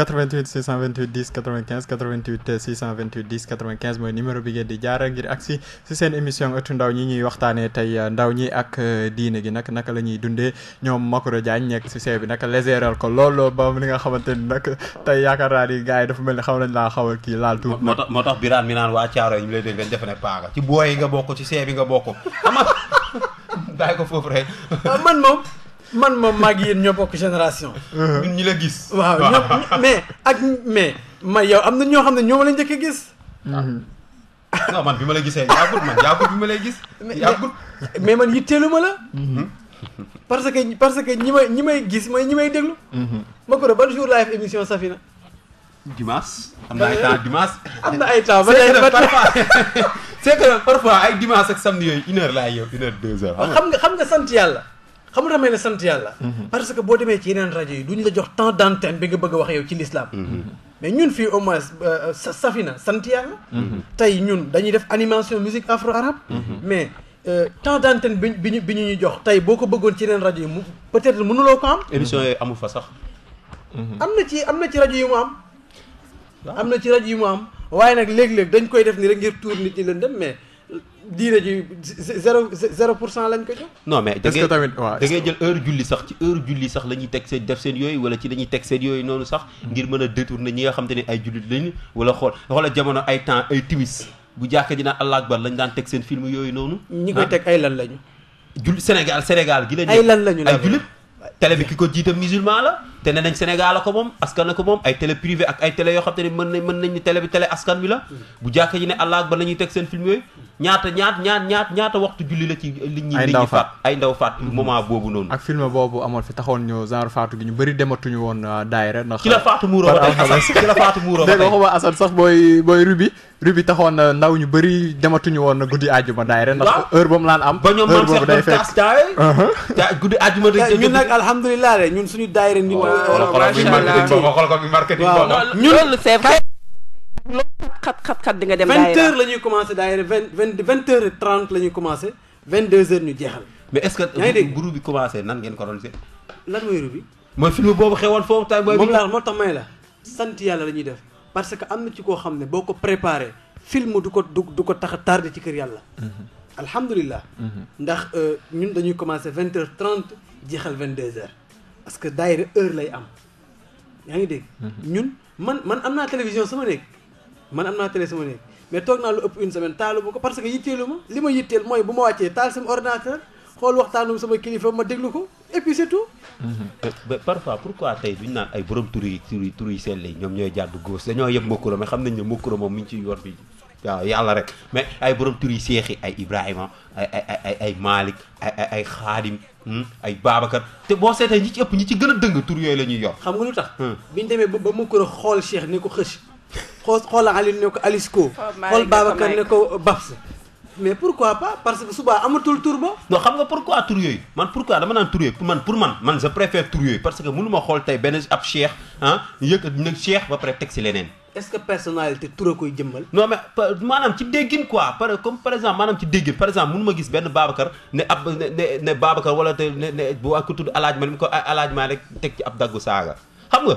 88 628 10 95 88 628 10 95 mooy numéro bi ngeen di jaara ngir agsi si seen émission ëttu ndaw ñi ñuy waxtaanee tey euh, ndaw ñi ak euh, diine gi nak naka la ñuy dundee ñoom Makoro Diagne nekk si see bi nak léséeral ko loolu ba li nga xamante ni nag yaakaar naa ni gars dafa mel xaw nañ laa xaw a laal tuut moo tax moo tax biraan mi naan waa caaro yi ñu lay dégg dañ defe ne paaga ci booy yi nga bokk ci see nga bokk xam bàyyi ko foofu rek man moom man moom maag yéen ñoo bokk génération uh-huh. ñi la gis waaw ñoom mais ak mais ma yow am na ñoo xam ne ñoo ma la njëkk a gis uh-huh. non man bi ma la gisee yàggut ma lay gis mais man yitteelu ma la uh-huh. parce que parce que ñi ma ñi may gis mooy ñi may déglu ma ko ban jour live émission Safina dimanche xam na ay temps dimanche. am na ay temps ba tey parfois c'est que parfois ay dimanche ak samedi yooyu une heure laay yow une deux heures. xam nga xam nga sant yàlla. xam nga damay ne sant yàlla. Mhm. parce que boo demee ci yeneen rajo yi duñu la jox temps d'antenne bi nga bëgg a wax yow ci l'islam. Mhm. mais ñun fii au moins euh, euh, safina sant yàlla. Mhm. tey ñun dañuy def animation musique afro arabe. mais euh, temps d'antenne bi bi ñu bi ñu ñu jox tey boo ko bëggoon ci yeneen rajo yi mu peut-être mënuloo ko am. émission yooyu amu fa sax. am na ci am na ci rajo yu am na ci rajo yi mu am waaye nag léeg-léeg dañ koy def nii rek ngir tuur nit ñi leen dem mais diine ji zéro zéro pour cent lañ ko jox non mais da ngay tamit waaw da ngay jël heure julli sax ci heure julli sax la ñuy teg seen def seen yooyu wala ci la teg seen yooyu noonu sax ngir mën a na ñi nga xam te ne ay jullit lañ wala xool xoola jamono ay temps ay timis bu jàkkee dinaa allah akbar lañ daan teg seen film yooyu noonu ñi koy ah. teg ay lan lañu jul Sénégal Sénégal gi ay lan lañu ay jullit télé bi ki ko jiite musulman la te ne nañ Sénégal a ko moom askan a ko moom ay télé privé ak ay télé yoo xam ne mën nañ mën bi télé askan wi la bu jàkk ji ne Allah ba la ñuy teg seen film ak ba tey euh, ci la faatu muuroo ba tey waxuma Assane sax booy booy rubi rubi taxoon euh, ndaw ñu bëri dematuñu woon guddi ñun xat xat xat di nga dem. daayira vingt heures la ñuy commencé daayira vingt vingt vingt heures et trente la ñuy commencé vingt deux heures ñu jeexal. mais est-ce que groupe bi commencé nan ngeen mooy rubi. mooy film boobu xewoon foofu tay booy. moom laa moo tax may la sant yàlla la ñuy def parce que am na ci koo xam ne boo ko préparé film du ko du du ko tax a tardé ci kër yàlla. Mhm. alhamdulilah. Mhm. ndax euh, ñun dañuy commencé vingt heures trente jeexal vingt deux heures. parce que daayira heure lay am yaa ngi dégg. Mhm. ñun man man am naa télévision sama néeg man am naa télé sama néeg mais toog naa lu ëpp une semaine taalu ma ko parce que yitteelu ma li ma yitteel mooy bu ma wàccee taal sama ordinateur xool waxtaanum sama kilifa ma déglu ko et puis c'est tout. Mhm. parfois pourquoi tey duñ naan ay borom tur yi tur yi tur yi ñoom ñooy jàdd góos dañoo yëpp mbokkuro mais xam nañ ne mbokkuro moom mi ngi bi waaw yàlla rek mais ay borom tur yi seex yi ay Ibrahima ay ay ay ay Malick ay ay ay Xaadim ay Babacar te boo seetee ñi ci ëpp ñi ci gën a dëng tur yooyu la ñuy yor. xam nga lu tax. bi ñu demee ba ba mu ko xool Cheikh ne ko xës xool xool Aliou ne ko Alisco. xool Babacar ne ko Babs. mais pourquoi pas parce que suba amatul tur ba. non xam nga pourquoi tur yooyu man pourquoi dama naan tur yooyu man pour man man je préfère tur yooyu parce que mënu ma xool tey benn ab Cheikh ah yëkkat nag Cheikh ba pare teg si leneen. est-ce que personnalité tur a koy jëmmal. non mais maanaam ci déggin quoi par comme par exemple maanaam ci déggin par exemple mënu ma gis benn Babacar ne ab ne ne Babacar wala te ne ne bu waa ko tudd alaaj ma ni ko alaaj maa rek teg ci ab daggu saaga xam nga.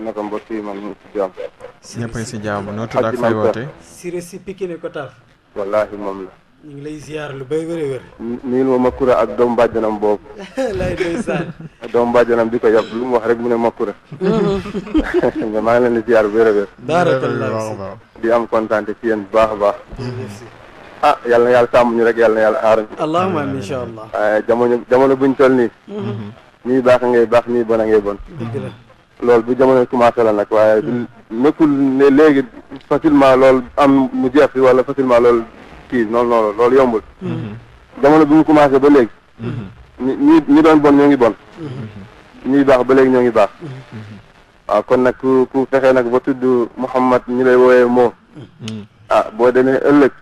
naka mbokk yi man ñu si jàmm ñëpp si jàmm noo tudd ak fay woote si piki ne ko wallahi moom la ñu ngi lay ziar lu bay ma makura ak doom bàjjanam boobu lay ndeysaan doom bàjjanam di ko yab lu mu wax rek mu ne makura mais maa ngi leen di ziar wëree wër baarakallah di am kontante ci yéen bu baax a baax ah yàlla na yàlla sàmm ñu rek yàlla na yàlla aar ñu allahumma amin insha allah jamono eh, jamono buñ toll nii ñii mhm. baax ngay baax bon ngay bon dëgg la loolu bu jamono commencé la nag waaye hmm. nekkul ne léegi facilement lool am mu jeex fi wala facilement loolu kii noonu noonu loolu yombul hmm. jamono bi mu commencé ba léegi hmm. ñi ñi doon bon ñoo ngi bon ñuy baax ba léegi ñoo ngi baax waaw ah, kon nag ku ku nag ba tudd Mouhamad ñu lay woowee moo ah boo demee ëllëg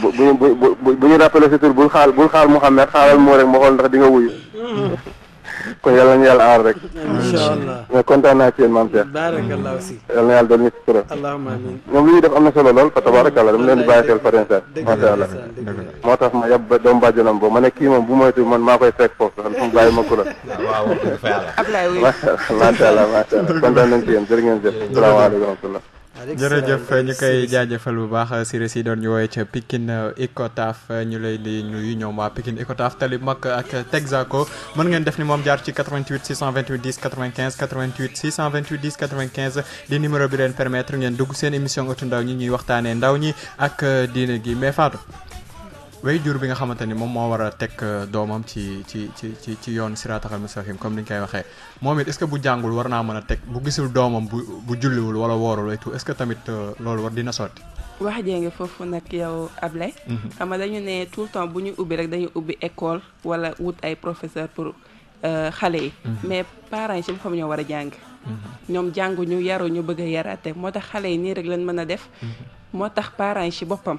bu bu bu ñu rappelé sa tur bul xaar bul xaar Mouhamad xaaral moo rek moo xool ndax di wuyu kon yàlla na yàlla aar rek. incha allah mais kontaan naa ci yéen maam Cheikh. baarakallah aussi. yàlla na yàlla doon ñu sutura. allahumma amiin ñoom li am na solo lool fa tabarakallah dama leen di xel Fatou Seye. dëgg la moo tax ma yab doomu bàjjanam boobu ma ne kii moom bu moytu man maa koy fekk foofu dafa mu bàyyi ma kura. waaw waaw dëgg fa yàlla. macha kontaan nañ ci yéen jërë ngeen jëf. salaamaaleykum wa rahmatullah jërëjëf euh, ñu koy jaajëfal bu baax Siré euh, si doon ñu woowee ca Pikine euh, Icotaf ñu lay li nuyu ñoom waa Pikine Icotaf tali mag ak Texaco mën ngeen def ni moom jaar ci 88 628 10 95 88 628 10 95 di numéro bi leen permettre ngeen dugg seen émission ëttu ndaw ñi ñuy waxtaanee ndaw ñi ak diine gi mais Fatou way jur bi nga xamante ni moom moo war a teg euh, doomam ci ci ci ci ci yoon siraatal mustaqim comme ni ñu koy waxee moom it est bu jàngul war naa mën a teg bu gisul doomam bu bu julliwul wala woorul et tout est tamit euh, loolu war dina sotti. wax jee nga foofu nag yow Ablay mm-hmm. xam nga dañu ne tout le temps bu ñu ubbi rek dañu ubbi école wala wut ay professeur pour euh, xale yi. Mm-hmm. mais parents yi ci boppam ñoo war a jàng. Mm-hmm. ñoom jàngu ñu jànguñu ñu bëgg a yaraate moo tax xale yi nii rek lañ mën a def. moo tax parents yi boppam.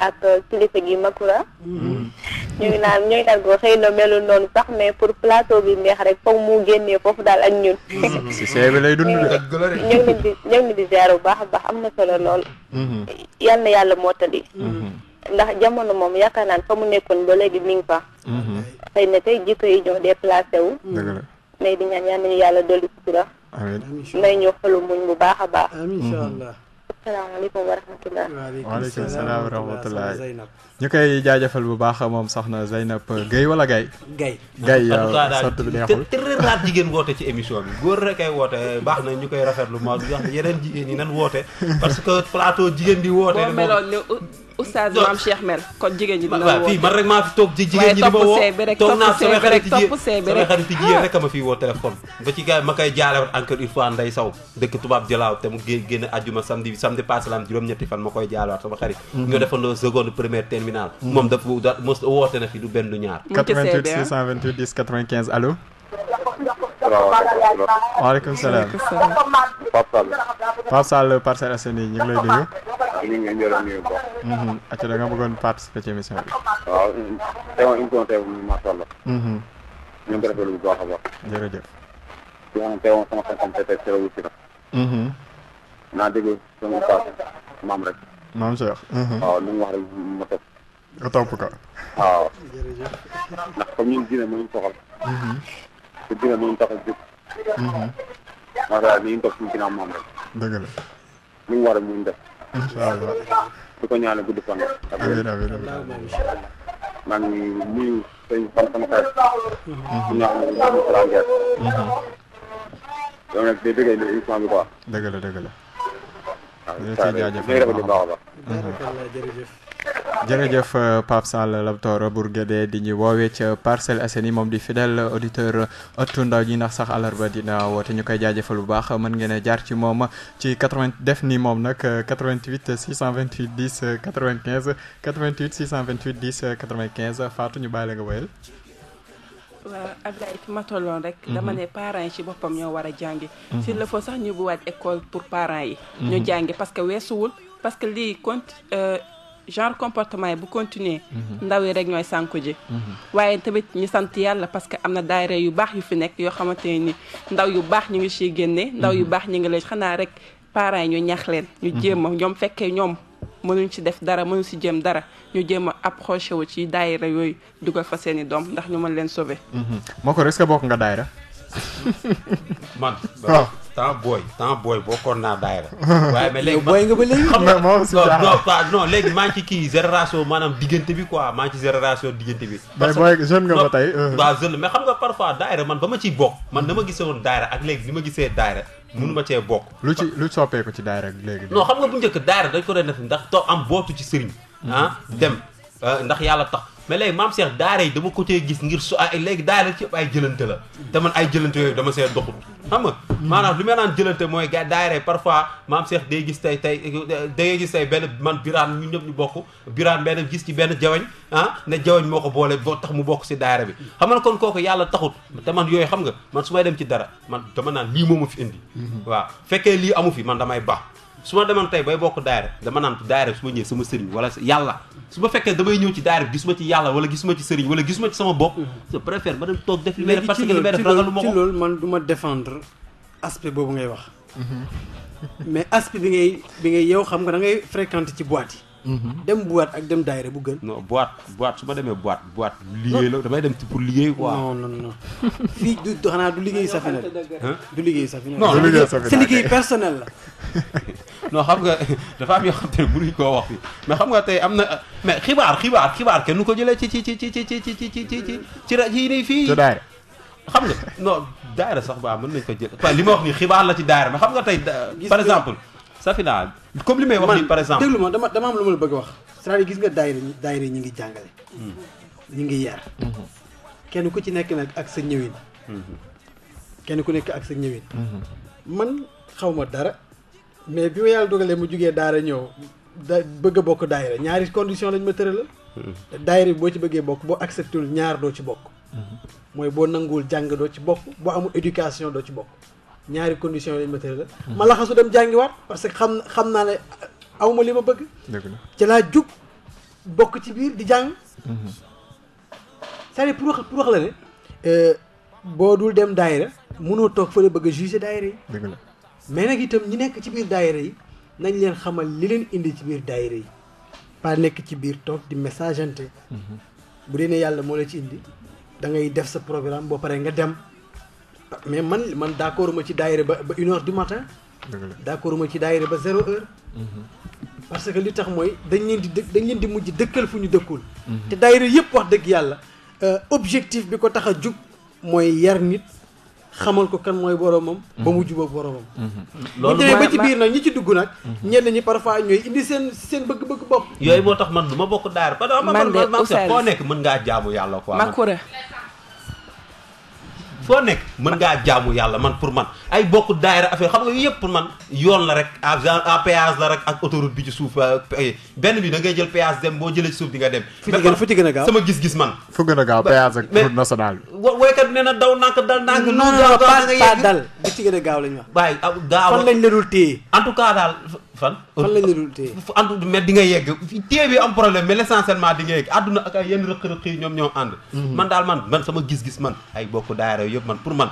ak kilifa gi Makura. Mm-hmm. ñu ngi naan ñooy naan ko xëy na melul noonu sax mais pour plateau bi neex rek foog mu génnee foofu daal ak ñun. Mm-hmm. si see di ñoo ngi di ziar bu baax a baax am na solo lool. Mm-hmm. yal yàlla yàlla mottali. ndax jamono moom yaakaar naan fa mu nekkoon ba léegi mi ngi fa. xëy na tey jikko yi ñoo déplacé wu. mais di ñaan yal yàlla dolli sutura. amiin may ñu xolu muñ bu baax a baax. salaamaaleykum wa rahmatulah. waaleykum salaam wa rahmatulah ñu koy jaajëfal bu baax a moom soxna Zeynab Guèye wala Gaye. gay Gaye yow sant bi neexul tërëraat jigéen woote ci émission bi góor rekk ay woote baax na ñu koy rafetlu ma wax yeneen jigéen yi nan woote parce que plateau jigéen di woote. boo meloon oustaz maam rek maa fi woo toog ah. a ma fiy ci gars ma koy jaalewaat encore une fois Ndeye Sow dëkk tubaab jalaaw te mu génn ajjuma samedi samedi passé lam juróom-ñetti fan ma koy jaalewaat sama xarit ñoo mm-hmm. defandoo seconde première terminale mm-hmm. moom dafa mos woote na du benn du ñaar 88 waaleykum Pasal. Pape Sall Parcelles Assainies ñu lay nuyu. ngi di nuyu acca da nga bëggoon participer ci émission bi. waaw teewoon une tonté bu macha allah. ñu ngi rafetlu bu baax a jërëjëf. di wax teewoon sama xam-xam te tey si la wut si sama mhm. paase maam rek. maam Cheikh. waaw li wax rek ma nga ko. waaw. ndax comme te dina lu ñu tax a jóg. moo tax ñu toog suñu ginnaaw moom rek. dëgg la. li mu war a mun def. di ko ñaanal gudd fan. amiin amiin amiin maa ngi nuyu sëñ fan sama xarit. di ñaan ñu ñu transfert. yow nag day bi quoi. dëgg la dëgg la. waaw incha allah ñu ngi rafetlu baax mm-hmm. jërëjëf euh, Pape Sall Labtoor Bourguédé di ñu woowee ca Parcelles Assainies moom di fidèle auditeur ëttu ndaw ñi ndax sax àllarba dina woote ñu koy jaajëfal bu baax mën ngeen a jaar ci moom ci 80 def ni moom nag 88 euh, euh, ñu bàyyi la nga wéyal. waaw Ablaye fi ma tolloon rek. Mhm. dama ne parents yi ci boppam ñoo war a jàngi. Mhm. s'il le faut sax ñu bu waaj école pour parents yi. Mhm. ñu jàngi parce que weesuwul parce que lii compte. genre comportement bu continuer mhm. ndaw yi rek ñoy sànku ji mhm. waaye tamit ñu sant yalla parce que amna na daayira yu bax yu fi nek yo xamanteni ni ndaw yu bax ñu ngi ci génne ndaw yu mhm. bax ñi ngi lay xana rek parents ñu ñax leen ñu jëm ñom ñoom ñom mënuñ ci def dara mënuñ ci jëm dara ñu jëm approcher wu ci daayira yoy duggal fa seeni dom ndax ñu mën leen sauver moko ko est-ce nga daayira man. waaw ah. temps booy. temps booy bokkoon naa daayra. waaye mais léegi booy nga ba léegi. xam nga non non maa ngi ci kii génération maanaam diggante bi quoi maa ngi ci génération diggante bi. parce que mais booy jeune nga ba tey. waaw euh. jeune mais xam nga parfois daayra man ba ma ciy bokk. man dama gisoon daayra ak léegi ni ma gisee daayra. mënuma cee bokk. lu ci lu soppeeku ci daayra léegi. non xam nga bu njëkk daayra dañ ko doon def ndax toog am bootu ci sëriñ. ah dem euh, ndax yàlla tax. mais léegi maam Cheikh daara yi dama ko cee gis ngir su ay léegi daara ci ay jëlante la te man ay jëlante yooyu dama see doxut xam nga maanaam lu may naan jëlante mooy ga daara yi parfois maam Cheikh day gis tey tey day gis benn man biraan ñu ñëpp ñu bokk biraan benn gis ci benn jawañ ah ne jawañ moo ko boole boo tax mu bokk si daara bi xam nga kooku yàlla taxut te man yooyu xam nga man su may dem ci dara man dama naan lii moo ma fi indi mhm. waaw fekkee lii amu fi man damay baax su ma demoon tey bay bokk daayira dama naan daayira su ma ñëwee sama sëriñ wala yàlla su ma fekkee damay ñëw ci daayira gisuma ci yàlla wala gisuma ci sëriñ wala gisuma ci sama bopp je préfère ma dem toog def li may def parce que li def ragalu ma ko ci loolu man du ma défendre boobu ngay wax mhm. mais aspect bi ngay bi ngay yow xam nga da ngay fréquenter ci boîte yi dem boîte ak dem daayira bu gën. non boîte boîte su ma demee boîte boîte liggéey la damay dem ci pour liggéey quoi. non non non fii du xanaa du liggéey Safina du liggéey Safina non du liggéey Safina sa liggéey personnel la. non xam nga dafa am yoo xam te ne mënuñ koo wax fi mais xam nga tey am na mais xibaar xibaar xibaar kenn nu ko jëlee ci ci ci ci ci ci ci ci ci ci ci ra ci fii. ci daayira xam nga non daayira sax ba mën nañ ko jël. li ma wax nii xibaar la ci daayira mais xam nga tey par exemple. Safina comme li may wax nii par exemple lu ma dama dama am lu ma la bëgg wax c'est-à-dire gis nga daayira daayira ñu ngi jàngale hmm. ñu ngi yar hmm. kenn ku ci nekk nag ak sa ñëwin hmm. kenn ku nekk ak sa ñëwin man xaw ma dara mais bi ma yàlla dogalee mu jógee daara ñëw da bëgg a bokk daayira ñaari condition lañ ma tëralal daayira boo ci bëggee bokk boo acceptéwul ñaar doo ci bokk mooy boo nanguwul jàng doo ci bokk boo amul éducation doo ci bokk ñaari condition lañ ma la ma laxasu dem jàngiwaat parce que xam xam naa ne awma li ma bëgg ca laa jug bokk ci biir di jàng mhm. c'est-à-dire pour wax pour wax la ne euh, boo dul dem daayira mënoo toog fële bëgg a juger daayira yi mais nag itam ñi nekk ci biir daayira yi nañ leen xamal li leen indi ci biir daayira yi pas nekk ci biir toog di messageante mhm. bu dee ne yàlla moo la ci indi dangay def sa programme boo paree nga dem mais man man d' accord ma ci daayira ba ba une heure du matin. d' accord ma ci daayira ba zéro heure. parce que li tax mooy dañ leen di dë dañ leen di mujj dëkkal fu ñu dëkkul. te daayira yëpp wax dëgg yàlla objectif bi ko tax a jug mooy yar nit. xamal ko kan mooy boromam. ba mu jubóog boromam. loolu mooy ba ci biir nag ñi ci dugg nag. ñenn ñi parfois ñooy indi seen seen bëgg-bëgg bopp. yooyu moo tax man du ma bokk daar ba daa ma man koo nekk mën ngaa jaamu yàlla quoi. foo nekk mën ngaa jaamu yàlla man pour man ay bokku daayira affaire xam nga yëpp pour man yoon la rek à péage la rek ak autoroute bi ci suuf euh, benn bi da ngay jël péage dem boo jëlee ci suuf di dem fu ci gën a gaaw sama gis-gis man fu bi daw nànk dal nànk lu gaaw nga yegg dal bu ci gën a gaaw lañ wax waaye ah, gaaw lañ la dul téye en fan fan lañ la dul téye fu andu mais di nga yegg téye bi am problème mais l'essentiellement di nga yegg àdduna ak ay yenn rëq-rëq ñoo ànd mhm. man daal man man sama gis-gis man ay bokk daayara yëpp man pour man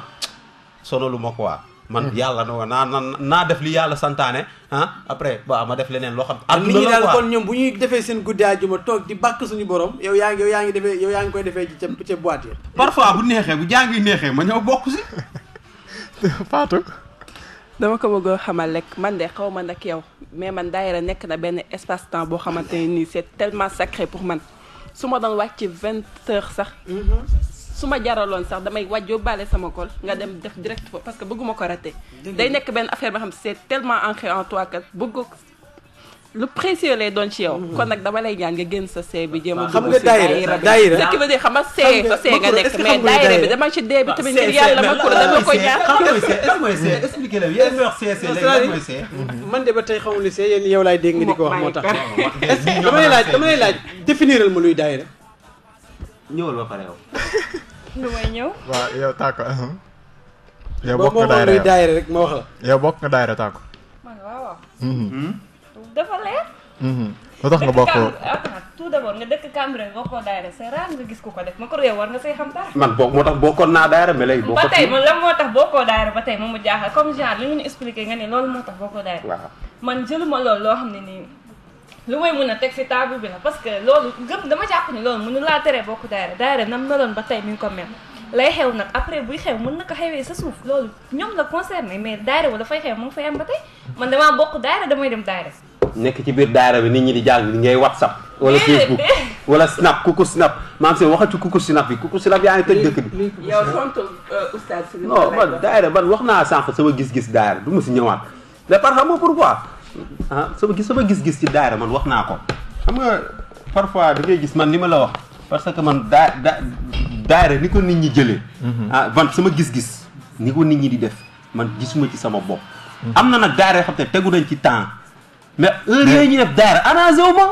sonalu ma quoi man mhm. yalla no naa na naa def li yàlla santaane ah après waaw ma def leneen loo xam nit ñi daal kon ñoom bu ñuy defee seen guddi àjjuma toog di bàkk suñu borom yow yaa ngi yow yaa ngi defee yow yaa koy defee ci ca boîte ya. parfois bu neexee bu jàng yi ma ñëw bokk si faatu dama ko bëgg a xamal rek man de yow mais man daayira na temps c'est tellement sacré pour man su ma doon wàcc vingt heures sax. su ma jaraloon sax damay sama col nga dem def direct parce que raté. day affaire c'est tellement ancré en toi que bëgg lu précieux lay doon ci yow. Mm-hmm. kon nag dama lay ñaan nga génn sa see bi. jéem a dugg si daayira bi daayira bi xam nga see sa see nga nekk mais daayira bi dama ci dee bi tamit ngir yàlla ma ko dama ko ñaan. xam nga mooy see expliqué la yéen wax see see léegi mooy see. man de ba tey xamul li see yéen yow laay dégg nga di ko wax moo tax. est-ce que dama lay laaj dama lay laaj définiral ma luy daayira. ñëwal ba pare yow. lu may ñëw. waaw yow tàkko. yow bokk nga daayira yow bokk nga daayira tàkko. man waaw. dafa leer. Mhm. lu tax nga bokkoo ah, ah, tout d'abord nga dëkk Cambérène bokkoo daayira c'est gis ku ko def ma ko réew war nga say xam dara. man tax bokkoon naa daayira mais léegi. bokkoo ba tey man lan moo tax bokkoo daayira jëluma loolu loo xam ne nii lu may mun a teg si taabu bi la parce que loolu gëm dama jàpp ni loolu mënu laa tere bokk daayira daayira a meloon ba tey mi ngi ko mel. lay xew nag après buy xew mën na ko xewee sa suuf loolu ñoom la concerné mais daayira wala fay xew mu ngi fay am ba tey man damaa bokk daayira damay dem daayira Nek ci bir daara bi nit ñi di jàng ngay whatsapp wala facebook wala snap kuku snap maam si waxatu kuku snap bi kuku snap yaay tej tëj bi yow oustad euh, oustaz non ba daara ban waxna sank sama gis-gis daara du ma si ñëwaat da par xam nga pourquoi ah sama gis sama gis-gis ci daara man waxna ko xam nga parfois da ngay gis man nima la wax parce que man daara ni ko nit ñi jëlé mhm. ah ban sama gis-gis ni ko nit ñi di def man gisuma ci sama bop mhm. amna nak daara xam te teggu nañ ci temps mais heure yooyu ñu def daara arrangé wu ma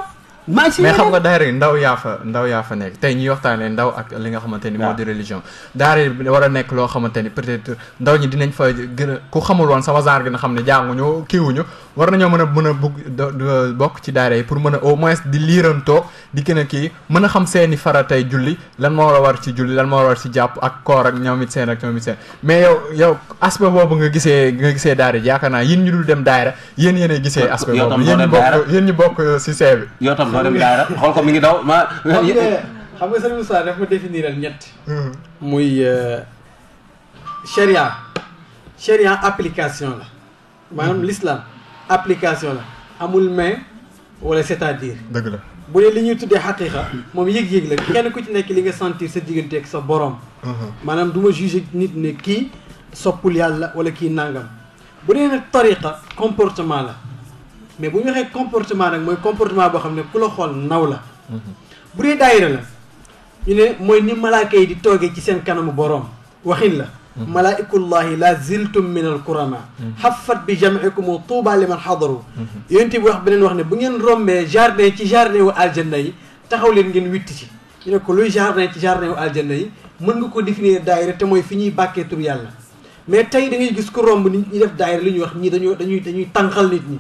maa mais xam nga daara yi ndaw yaa fa ndaw yaa fa nekk tey ñuy waxtaanee ndaw ak li nga xamante ni moo di religion daara yi war a nekk loo xamante ni peut-être ndaw ñi dinañ fa gën a ku xamul woon sama genre gi na xam ne jànguñu kiiwuñu war nañoo mën a mën a bugg bokk ci daara yi pour mën a au moins di liirantoo di gën a kii mën a xam seeni faratay julli lan moo la war ci julli lan moo la war ci jàpp ak koor ak ñoom it seen ak ñoom it seen mais yow yow aspect boobu nga gisee nga gisee daara ji yaakaar naa yéen ñu dul dem daara yéen yéen a gisee aspect boobu yéen bokk yéen ñu bokk si see bi doo dem daayira xool ko mi ngi daw ma. xam nga xam nga sëriñ Moussa daf ma définiral ñett. muy sharia. sharia application la maanaam l'islam application la amul mais wala c'est-à-dire. dëgg la bu dee li ñuy tuddee xaqiqa moom yëg-yëg la kenn ku ci nekk li nga sentir sa diggante ak sa borom. maanaam du ma jugé nit ne kii soppul yàlla wala kii nangam bu dee nag tariqa comportement la. mais bu ñu waxee comportement nag mooy comportement boo xam ne ku la xool naw la bu dee daayira la ñu ne mooy ni malaaka yi di toogee ci seen kanamu boroom waxin la malaa'ikullahi la ziltum min al kurama xafat bi jamicumu tuuba liman xadaru yonente bi wax beneen wax ne bu ngeen rombee jardin ci jardin wu aljanna yi taxaw leen ngeen witti ci ñu ne ko luy jardin ci jardin wu aljanna yi mën nga ko définir daayira te mooy fi ñuy bàkkee tur yàlla mais tey da ngay gis ku romb nit ñi def daayira li ñuy wax ñii dañoo dañuy dañuy tànqal nit ñi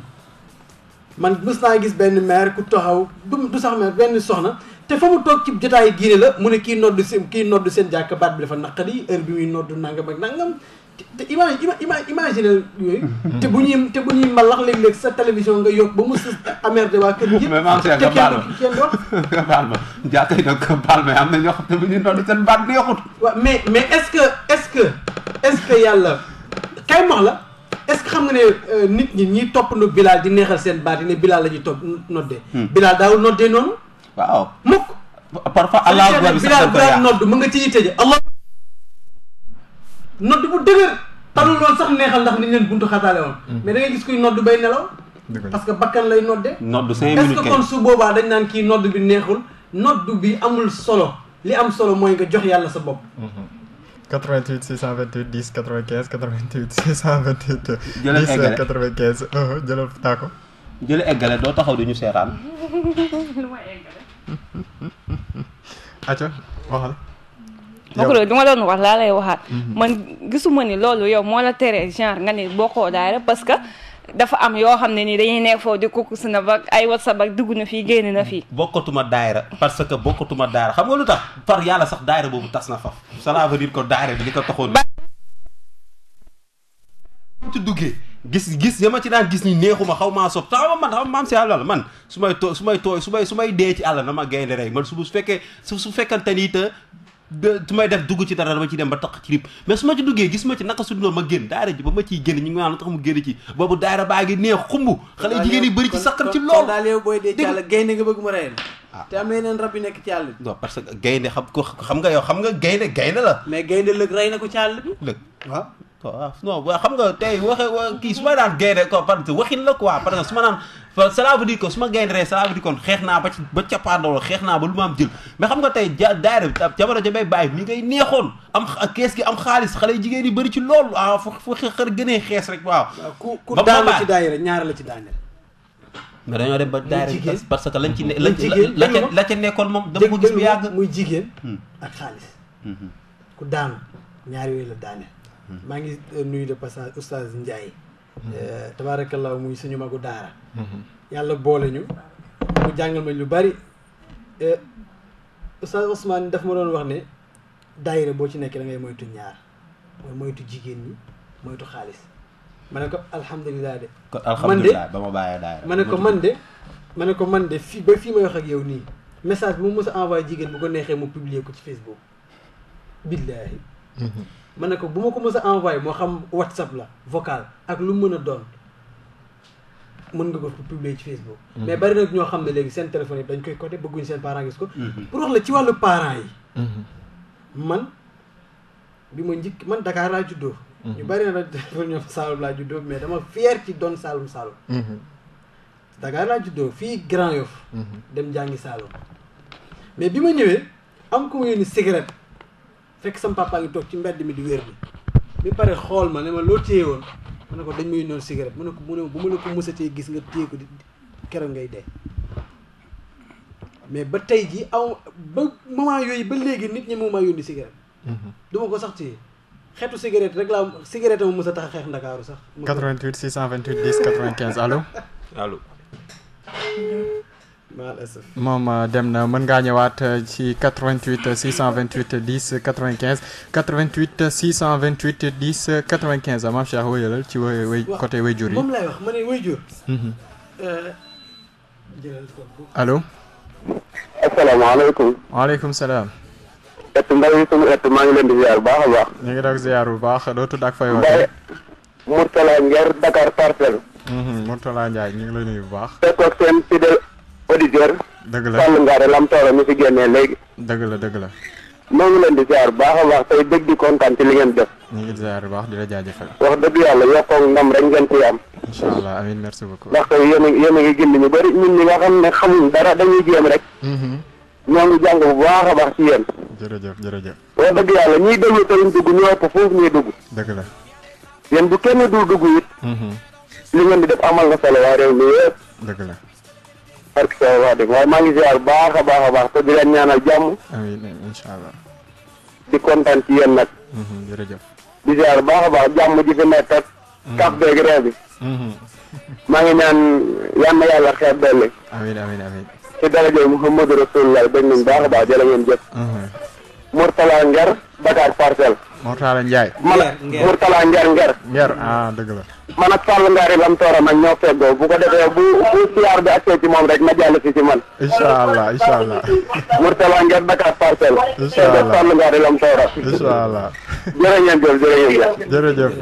man mës naa gis benn maire ku taxaw du du sax maire benn soxna te fa mu toog ci jotaay diine la mu ne kii noddu seen kii noddu seen jàkk baat bi dafa naqari heure bi muy noddu nangam ak nangam te image te bu ñuy te bu ñuy malax sa télévision nga yokk ba mu sës amerde waa kër gi mais am na ñoo xam te bu ñuy noddu seen baat neexut waaw mais mais est-ce que est-ce que est-ce yàlla kay max la est ce que xam nga ne euh, nit ñi ñiy toppandu bilal di neexal seen baat ne bilal la top topp noddee hmm. bilal daawul noddee noonu waaw mukk parfois allah akbar bi bilal bilal nodd mu nga ci yitte allah nodd bu dëgër talul woon sax neexal ndax ni leen buntu xataale woon hmm. mais da ngay gis kuy nodd bay nelaw parce que bakkan lay nodde nodd cinq minutes est ce que kon su boobaa dañ naan kii nodd bi neexul nodd bi amul solo li am solo mooy nga jox yàlla sa bopp hmm. 88 628 10 95 88 628. jëlal eggale 10 95 jëlal taa ko. jëlal eggale doo taxaw di ñu seetaan. lu ma eggale. acca waxal. yow lu ma wax laa lay mhm. man gisuma ni loolu yow moo la tere genre nga ni bokkoo daayira parce que. dafa am yoo xam ne ni dañuy nekk foofu di kukku si na ba ay whatsapp ak dugg na fii génn na fii bokkatuma daayira parce que bokkatuma daayira xam nga lu tax par yàlla sax daayira boobu tas na fa cela veut dire que bi li ko taxoon ci duggee gis gis yama ci daan gis ni neexuma xaw maa sob taxama man xam maam si àll man su may too su may tooy su may su may dee ci àll na ma gaynde rey man su fekkee su fekkante ni te su may def dugg ci dara dama ciy dem ba taq ci rib mais su ma ci duggee gis ma ci naka su dul ma génn daara ji ba ma ciy génn ñu ngi ma naan tax mu génn ci boobu daara baa ngi neex xumb yi bëri ci saqar ci loolu nga booy dee jàll Ah. te am na yeneen rab yu nekk ci àll bi. parce que gaynde xam ko xam nga yow xam nga gaynde gaynde la. mais gaynde lëg rey na ko ci àll bi. lëg waaw. Ah, xam nga tey waxe kii su ma daan gaynde ko par que waxin la quoi parce que su ma naan cela veut dire que ma gaynde rek cela veut dire kon xeex naa ba ci ba cappaandaw xeex naa ba lu ma am jël mais xam nga tey ja daara jamono ja may bàyyi mi ngay neexoon am kees gi am xaalis xale yu jigéen yi bëri ci lool ah fu fu xër a xees rek waa ku ku daan la ci daayira la ci daaneel. mais dañoo dem ba daara parce que lañ ci ne lañ ca la ca nekkoon moom dama ko gis muy jigéen hmm. ak xaalis hmm. ku daanu ñaar yooyu hmm. maa ngi euh, nuyu de passage oustaz Ndiaye euh, tabaarakallaa muy suñu magu yàlla boole ñu mu jàngal ma bari euh, oustaz daf ma doon wax ne daayira boo ci nekk da moytu ñaar mooy moytu jigéen ñi moytu xaalis ma ne ko alhamdulilah de. kon alhamdulilah ba ma bàyyi daay ma ne ko man de ma ne ko man de fii ba fii may wax ak yow nii message bu mu mës a envoyé jigéen bu ko neexee mu publier ko ci Facebook. billaahi. Mhm. ma ne ko bu ma ko mës a envoyé moo xam WhatsApp la vocal ak lu mën a doon mën nga ko publier ci Facebook. Mhm. mais bari nag ñoo xam ne léegi seen téléphone yi dañ koy côté bëgguñ seen parents gis ko. Mhm. pour wax la ci wàllu parents yi. man bi ma njëkk man Dakar laa juddoo. ñu bari na pour ñu Saalum la juddo mais dama fier ci doon Saalum -hmm. Dakar laa juddo fi Grand Yoff. Mm-hmm. dem jangi Saalum. mais bima ma am ko yoni cigarette fekk sama papa ngi tok ci mbedd mi di wër bi bi paré xol ma ne ma loo téye woon ma ko dañ ma ñor cigarette mané ko mu bu ma la ko mësatee gis nga téye ko di kéro ngay dé mais ba tay ji aw ba moment yoy ba légui nit ñi moo ma yoni cigarette. -hmm. duma ko sax téye. xeetu cigarette rek laa cigarette tax a xeex sax. 88 628 10 95 allo. allo. moom euh, dem na mën ngaa ñëwaat euh, ci 88 628 10 95 88 628 10 95 maam Cheikh wéyalal ci wéy wéy côté yi. moom lay wax ma ne 10 mhm. euh, allo. asalaamaaleykum. waaleykum et ndaw yi suñu et maa ngi leen di ziar bu baax a baax. ñu ngi doon ziar bu baax doo tudd ak fay wootee. Mourtala Nguer mhm, bu baax. fekk ak seen fidèle auditeur. dëgg la Sall Ngaare Lam Tooro mi fi génnee léegi. dëgg la dëgg la. maa ngi leen di ziar baax a baax tey dëgg di kontaan li ngeen def. ñu ngi ziar bu baax di la jaajëfal. wax dëgg yàlla yokkoog ndam rek ngeen ci am. incha allah amiin merci beaucoup. ndaxte yéen a yéen a ngi gindi ñu bëri nga xam ne xamuñ dara dañuy jéem rek. Mhm. ñoo ngi jàng bu baax a baax ci yéen jërëjëf jërëjëf wax dëgg yàlla ñiy déglu te ñu dugg ñoo ëpp foofu ñuy dugg dëgg la yéen bu kenn dul dugg it mhm. li ngeen di def amal na solo waa réew mi yëpp dëgg la parce que waa waaye maa ngi ziar baax a baax a baax te di leen ñaanal jàmm amin insha allah di kontaan ci yéen nag mhm, jërëjëf di ziar baax a baax jàmm ji fi nekk ak mhm. kaf beeg réew bi maa ngi ñaan yàlla xeeb dolli amin amin amin ci daraja muhammadu rasulullah dañ nañ baax baax jëla ngeen jëf uh-huh. murtala nger dakar parcel murtala njay murtala nger nger nger ah deug la man ak fall ngari lam toora nak ñoo feggo bu ko defé bu bu siar bi accé ci mom rek ma jall fi ci man inshallah inshallah murtala nger dakar parcel inshallah fall ngari lam toora inshallah jere ngeen jëf jere ngeen jëf jere jëf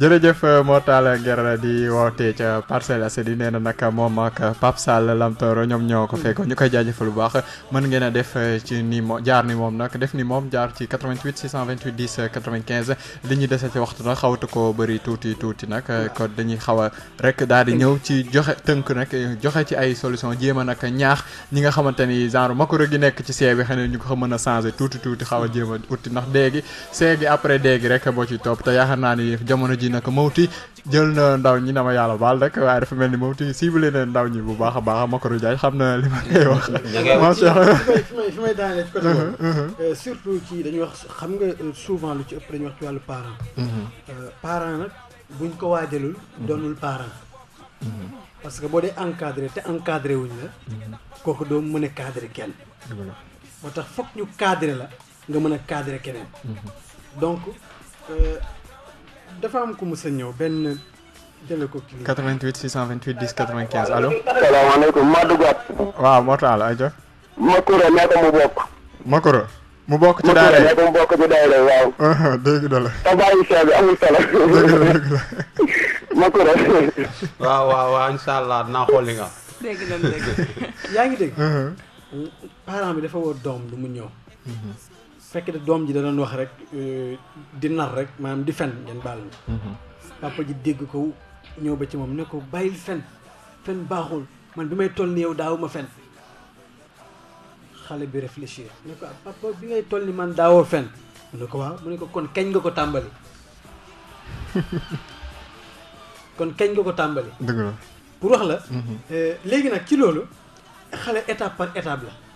jërëjëf moo euh, Mortal Guèra di wootee ca Parcelles Assainies nee na nag moom ak Pape Sall Lamtoro ñoom ñoo ko fekk ñu koy jaajëfal bu baax mën ngeen a def euh, ci ni mo jaar ni moom nag def ni moom jaar ci 88 628 10 95 li ñu dese ci waxtu nag xawatu ko bëri tuuti tuuti nag euh, kon dañuy xaw rek daal di ñëw ci joxe tënk nag joxe ci ay solution jéem a nag ñaax ñi nga xamante ni genre makoro gi nekk ci see bi ñu ko mën a changé tuuti tuuti xaw a jéem a uti ndax déegi see gi boo ci topp te nag Mawti jël na ndaw ñi na ma yàlla baal rek waaye dafa mel ni Mawti ciblé na ndaw ñi bu baax a baax Macodou xam na li ma koy wax. macha allah fi may fi may daanee ci côté uh-huh, uh-huh. Euh, surtout ci wax xam nga souvent lu ci ëpp dañuy wax ci wàllu parent. Uh-huh. Euh, parent nag buñ ko waajalul. doonul parent. parce que boo dee encadré te encadré wuñ la. kooku doo mën a cadré kenn. moo tax foog ñu cadré la nga mën a cadré keneen. donc. Euh, dafa am ku mës a benn jële ko kii. 88 628 10 95 allo. salaamaaleykum Madou Gat. waaw Mor Talla ajo. Makoro nekk mu bokk. Makoro. mu bokk ci daara yi mu bokk ci daara waaw. Uh-huh, dégg na la. tabaayu saa bi amul solo. dégg dégg na. Makoro. waaw waaw waaw incha allah dinaa xool dégg na uh-huh. parent bi dafa woo doom du mu ñëw. Mm-hmm. fekkee dom ji da doon wax rek euh, di nar rek manam di fen ngeen bal mhm. papa ji deg ko ñew ba ci mom ne ko bayil fen fen baxul man bi may toll ni yow daawu ma fen xale bi réfléchir ne ko ah, papa bi ngay toll ni man daawoo fen ne ko waaw mu ne ko kon kañ nga ko tambali kon kañ nga ko tambali deug la pour wax la mhm. euh, légui nak ci lolu xale étape par étape la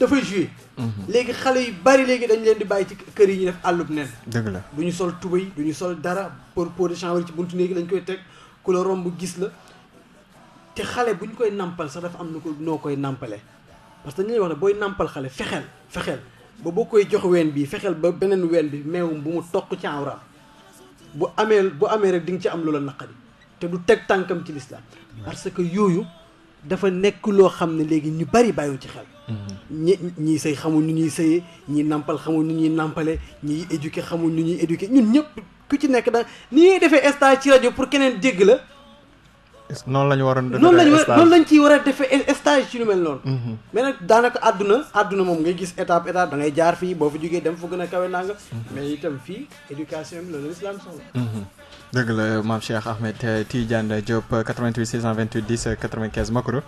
dafay joué. léegi xale yu bari léegi dañ leen di bàyyi ci kër yi ñu def àllub nen. dëgg la du ñu sol tubéy du ñu sol dara pour pour de chambre ci buntu néegi lañ koy teg ku la romb gis la te xale bu ñu koy nampal sax dafa am na ko noo koy nampale parce que dañu lay wax ne booy nampal xale fexeel fexeel ba boo koy jox ween bi fexeel ba beneen ween bi meewum bu mu toq ci awraam bu amee bu amee rek di nga ci am loola naqari te du teg tànkam ci lislaam parce que yooyu dafa nekk loo xam ne léegi ñu bari bàyyiwu ci xel. ñi ñii sëy xamul nu ñuy sëyee ñii nampal xamul nu ñuy nampale ñii éduqué xamul nu ñuy éduqué ñun ñëpp ku ci nekk da ni ñuy defee stage ci rajo pour keneen dégg la. noonu la ñu waroon defee noonu la ñu noonu lañ ciy war a defee stage ci lu mel noonu. Mm-hmm. mais nag daanaka àdduna àdduna moom ngay gis étape étape da ngay jaar fii boo fa jógee dem fu gën a kawe nanga mm-hmm. mais itam fii éducation bi loolu islam soxla. Mm-hmm. dëgg la maam Cheikh Ahmed Tidiane Diop 88 628 10 95 Makoro.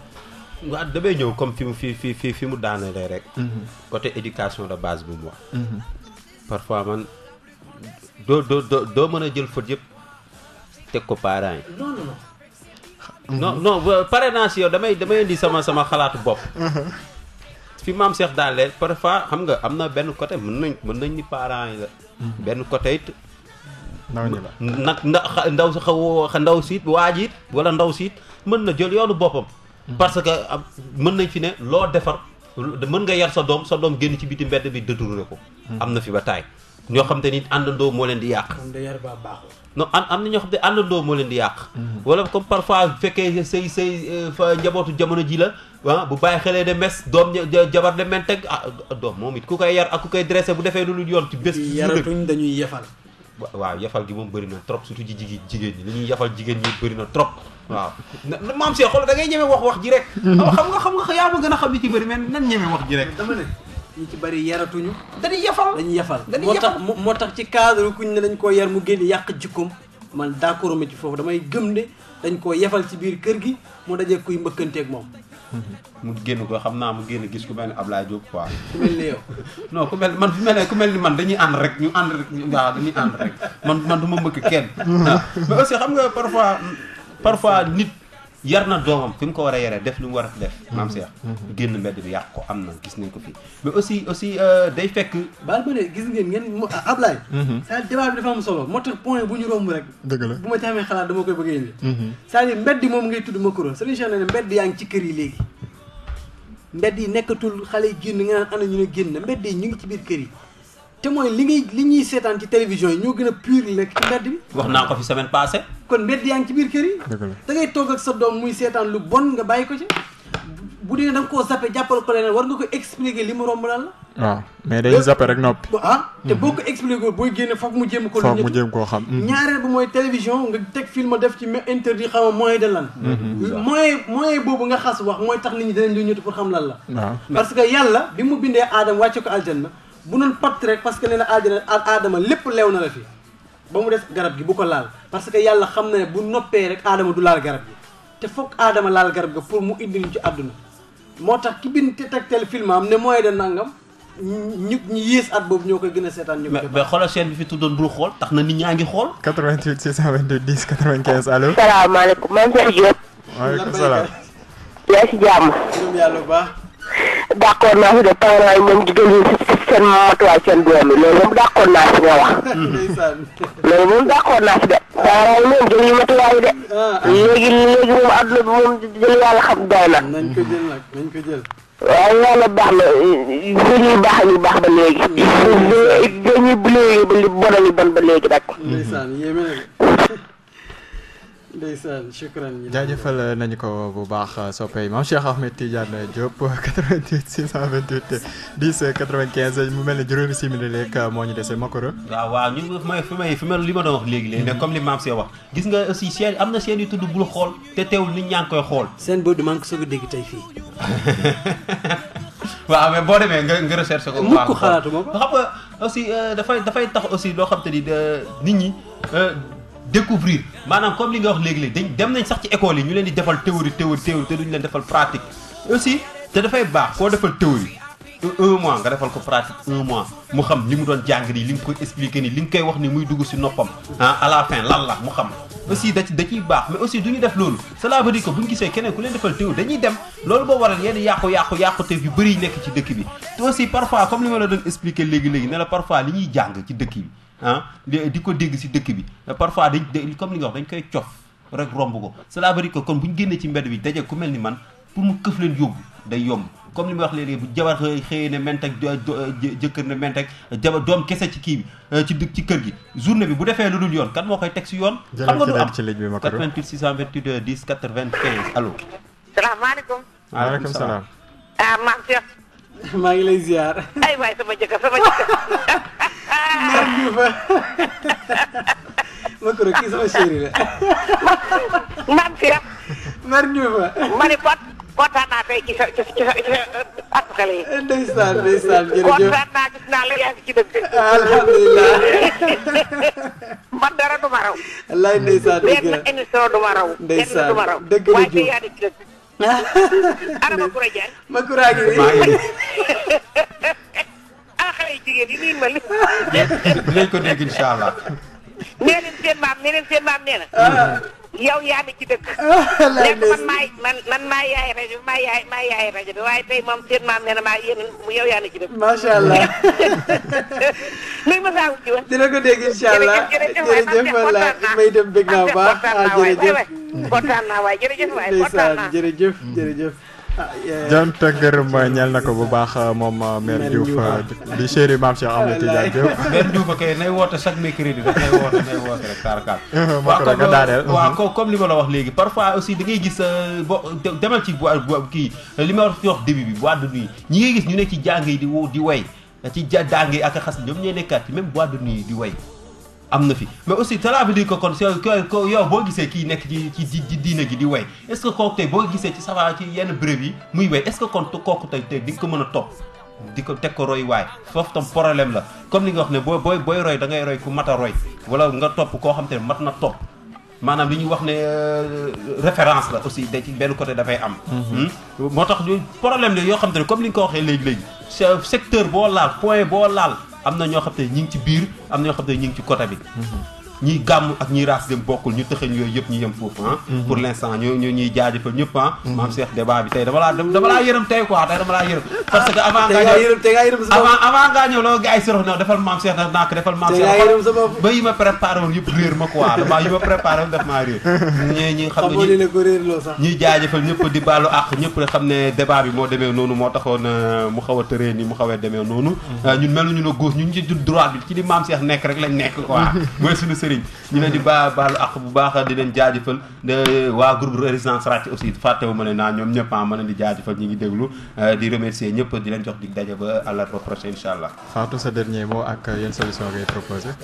waaw damay ñëw comme fi mu fi fi fi fi mu daanalee rek. Mhm. côté éducation de base bi mu wax. Mhm. parfois man doo doo doo mën a jël faute yëpp teg ko parents yi. non non non. damay damay indi sama sama xalaatu bopp. Mhm. fi Cheikh daaneel parfois xam nga am na benn côté mën nañ mën nañ ni parent yi benn côté it. ndaw ñi nag ndaw si xaw ndaw siit waaj it wala ndaw siit mën na jël yoonu boppam. parce que mën nañ fi ne loo defar mën nga yar sa doom sa doom génn ci biti mbedd bi détourné ko. Hmm. am na fi ba taay ñoo xam te ni àndandoo moo leen di yàq. non am am na ñoo xam te àndandoo moo leen di yàq. Hmm. wala comme parfois bu fekkee say say euh, njabootu jamono ji la ah bu bàyyi xelee de mes doom jabar de men teg ah doom moom it ku koy yar ak ku koy dressé bu defee lu lu yoon ci bés. yaratuñ dañuy yefal. waaw yafal gi moom bëri na trop surtout ci jigéen jigéen ñi li ñuy yefal jigéen ñi bëri na trop. waaw maam Cheikh xool da ngay ñeme wax wax ji rek. xam nga xam nga yaa ma gën a xam li ci bëri mais nan ñeme wax ji rek. dama ne ñi ci bëri yaratuñu. dañuy yafal dañuy yafal. dañuy moo tax ci cadre ne dañ koo yar mu génn yàq jikkoom man d'accord ma ci foofu damay gëm dañ koo yafal ci biir kër gi moo dajee kuy mbëkkanteeg moom. mu génn ko xam naa mu génn gis ku mel ni ab Diop quoi. ku mel ku mel man fu mel ne ku mel ni man dañuy ànd rek ñu ànd rek waaw dañuy ànd man man ma mbëkk kenn. mais aussi xam nga parfois. parfois nit yar na doomam fi mu ko war a yaree def li mu war a def. maam Cheikh mhm. génn mbedd bi yàq ko am na gis nañ ko fii mais aussi aussi euh, day fekk. baal ma ne gis ngeen ngeen Ablaye. Mhm. c'est-à-dire débat bi dafa am solo moo tax point bu ñu romb rek. dëgg la bu ma ci amee xalaat dama koy bëgg a indi. Mhm. c'est-à-dire mbedd moom ngay tudd Macron sëriñ Cheikh ne ne mbedd yaa ngi ci kër yi léegi. mbedd yi nekkatul xale yi génn nga naan ana ñu ne génn mbedd yi ñu ngi ci biir kër yi. te mooy li ngay li ñuy seetaan ci télévision yi ñoo gën a pur li nekk ci mbedd bi wax naa ko fi semaine passée kon mbedd yaa ngi ci biir kër yi da ngay toog ak sa doom muy seetaan lu bon nga bàyyi ko ci bu dee da ko koo zappé jàppal ko leneen war nga ko expliquer li mu romb lan la waaw mais day zappé rek noppi ah te mhm. boo ko expliquer booy génne foog mu jéem ko foog mu jéem koo xam mhm. ñaareel bi mooy télévision nga teg film def ci interdit xaw ma moyen de lan mhm. moyen moyen boobu nga xas wax mooy tax nit ñi danañ lu ñëtu pour lan la parce que yàlla bi mu bindee aadam wàcce ko aljanna bu dul patt rek parce que nee na aadina aadama lépp leew na la fi ba mu des garab gi bu ko laal parce que yàlla xam na ne bu noppee rek aadama du laal garab gi te foog aadama laal garab ga pour mu indi ñu ci àdduna moo tax ki bind te tegtal film am ne mooy de nangam ñu ñu yées at boobu ñoo koy gën a seetaan. ñu mais mais xoolal bi fi tuddoon bul xool tax na nit ñaa ngi xool. 88 628 10 95 allo. salaamaaleykum man Cheikh Diop. waaleykum salaam. yaa si jàmm. gërëm yàlla bu baax. d'accord naa seen matuwaay seen doom yi loolu moom dàqoon naa si ne wax loolu moom dàqoon naa si de daara yi moom jël ñu matuwaay de ah, ah. léegi léegi moom àdduna bi moom jël yàlla xam doy na nañ ko jël nag nañ ko jël waaw yàlla baax na dañuy baax ba léegi dañuy léegi ba li a yi bon ba léegi nag ndeysaan shukran jaajëfal nañu ko bu baax euh, soppey maam Cheikh Ahmed Tidiane Diop 88 628 10 mu mel ne juróomi simili léeg euh, moo ñu dese Makoro. waaw waaw ñun may fi may fi ma li ma doon wax léegi léegi ne comme li maam Cheikh wax gis nga aussi chaîne am na chaîne yu tudd bul xool te teewul nit ñaa koy xool. seen bëdd maa ngi ko a dégg tey fii. waaw mais boo demee nga nga recherche ko. mu ko xalaatuma ko xam nga aussi euh, dafay dafay tax aussi loo xam te ni nit ñi. découvrir maanaam comme li nga wax légui légui dañ dem nañ sax ci école yi ñu leen di defal théorie théorie théorie te duñu leen defal pratique aussi te dafay baax koo defal théorie un mois nga defal ko pratique un mois mu xam li mu doon jàng nii li nga koy expliqué nii li nga koy wax ni muy dugg si noppam ah à la fin lan la mu xam aussi da ci da ciy baax mais aussi du ñu def loolu cela veut dire que bu ñu gisee keneen ku leen defal théorie dañuy dem loolu boo waral yenn yàqu yàqu yàqute yu bëri nekk ci dëkk bi te aussi parfois comme li ma la doon expliquer léegi-léegi ne la parfois li ñuy jàng ci dëkk bi ah di ko dégg si dëkk bi parfois dañ comme li nga wax dañ koy cof rek romb ko cela veut kon bu ñu génnee ci mbedd bi daje ku mel ni man pour mu këf leen yóbbu day yomb comme li ma wax léegi bu jabar xëyee ne ment ak jëkkër ne ment ak jabar doom kese ci kii bi euh, ci ci kër gi journée bi bu defee lu dul yoon kan moo koy teg si yoon xam nga du am 88 salaam ah maam Cheikh maa ngi lay ziar jëkkër mer bi fa ma ko la. maam si rek. mer ñu fa. ma ne naa tey ci sa ci sa ci sa at xale yi. ndeysaan ndeysaan jërëjëf kontaan naa gis naa la yaa ci dëkk. alhamdulilah. man dara du ma raw. wallaay ndeysaan dëgg la benn émission du ma raw. ndeysaan dëgg la raw waaye tey yaa ngi ci dëkk. ana ma kura jaay. ma kura ay jigéen yi muy mel. dinañ ko dégg incha allah. nee leen seen maam nee leen seen maam nee na. Ah. yow yaa ne ci dëkk. léegi ah, man maay man man maay yaay rajo bi maay yaay maay waaye tey moom seen maam nee na maa yéen yow yaa ne ci dëkk. macha allah. ma saa ci woon. dina ko dégg incha allah jërëjëf jërëjëf may dem bëgg naa baax. Ah, kontaan naa waay jërëjëf kontaan naa jant gërëm ñel na ko bu baax euh, moom euh, maire Diouf euh, di chéri maam Cheikh Ahmed Tidiane Diouf. maire Diouf kay nay woote chaque mercredi rek nay woote nay woote rek tarakaat. waaw mhm. comme comme li ma la wax léegi parfois aussi da ngay gis bo demal ci bo kii li ma wax début bi ñi ngay gis ñu ne ci jàng yi di wo di way ci jàng yi ak xas ñoom ñooy nekkaat ci même boîte de nuit di way. fi mais aussi cela veut dire que que ko yow boo que kii nekk ci que di diine gi di way est-ce que kooku tey boo gisee ci safara ci yenn béréb yi muy way est-ce que kon kooku tey tey di ko mën a topp ko roy waay foofu tam problème la comme li nga wax ne boo boy roy da ngay roy ku mat a roy wala nga topp koo xam te mat na topp maanaam li wax ne euh, référence la aussi da ci benn côté dafay am mhm. hmm? moo problème la yoo xam comme li nga ko waxee léegi-léegi secteur boo laal point boo laal am na ñoo xam ne ñi ngi ci biir am na ñoo xam te ñi ngi ci côté bi mm-hmm. ñiy gàmm ak ñiy raas dem bokkul ñu tëxëñ yooyu yëpp ñu yem foofu ah mhm. pour l' instant ñu ñu ñuy jaajëfal ñëpp ah mhm. maam Cheikh débat bi tey dama laa dama laa yërëm tey quoi tey dama laa yërëm parce que avant nga ñëw avant avant ngaa ñëw loolu gars yi sorox na defal maam Cheikh daf naak defal maam Cheikh ba yi ma préparé woon yëpp réer ma quoi dama yi ma préparé woon daf maa réer ñi ñi xam nga ñuy jaajëfal ñëpp di baalu àq ñëpp ne xam ne débat bi moo demee noonu moo taxoon euh, mu xaw a tëree ni mu xawee demee noonu mhm. euh, ñun meluñu na gauche ñun ci droite bi ci li maam Cheikh nekk rek lañ nekk quoi mooy suñu sëriñ ñu leen di baa baalu ak bu baax di leen jaajëfal de waa groupe résistance ràcc aussi fàttewu ma ne naa ñoom ñëpp ah, ma leen di jaajëfal ñi ngi déglu euh, di remercier ñëpp di leen jox dig daje ba à la prochaine incha allah faatu sa dernier mot ak solution ngay proposer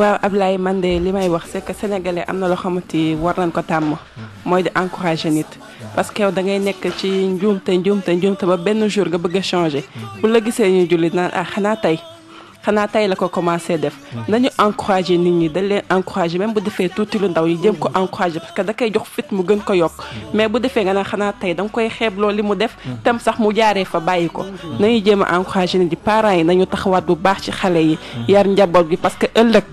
waaw ablaye man de li may wax que sénégalais am na loo xamante war nañ ko tàmm mooy di encourager nit parce que yow da ngay nekk ci njuumte njuumte njuumte ba benn jour nga bëgg a mm-hmm. bu la gisee ñu julli naan ah xanaa tey xanaa tay la ko commencé def nañu encouragé nit ñi encouragé même bu defee tuuti lu ndaw yi ko encouragé parce que da koy jox fit mu gën ko mais bu defee nga ne xanaa tey da nga koy xeeb loolu mu def tam sax mu jaaree fa bàyyi nañu jéem a encouragé nit parents yi nañu taxawaat bu baax ci xale yi yar parce que ëllëg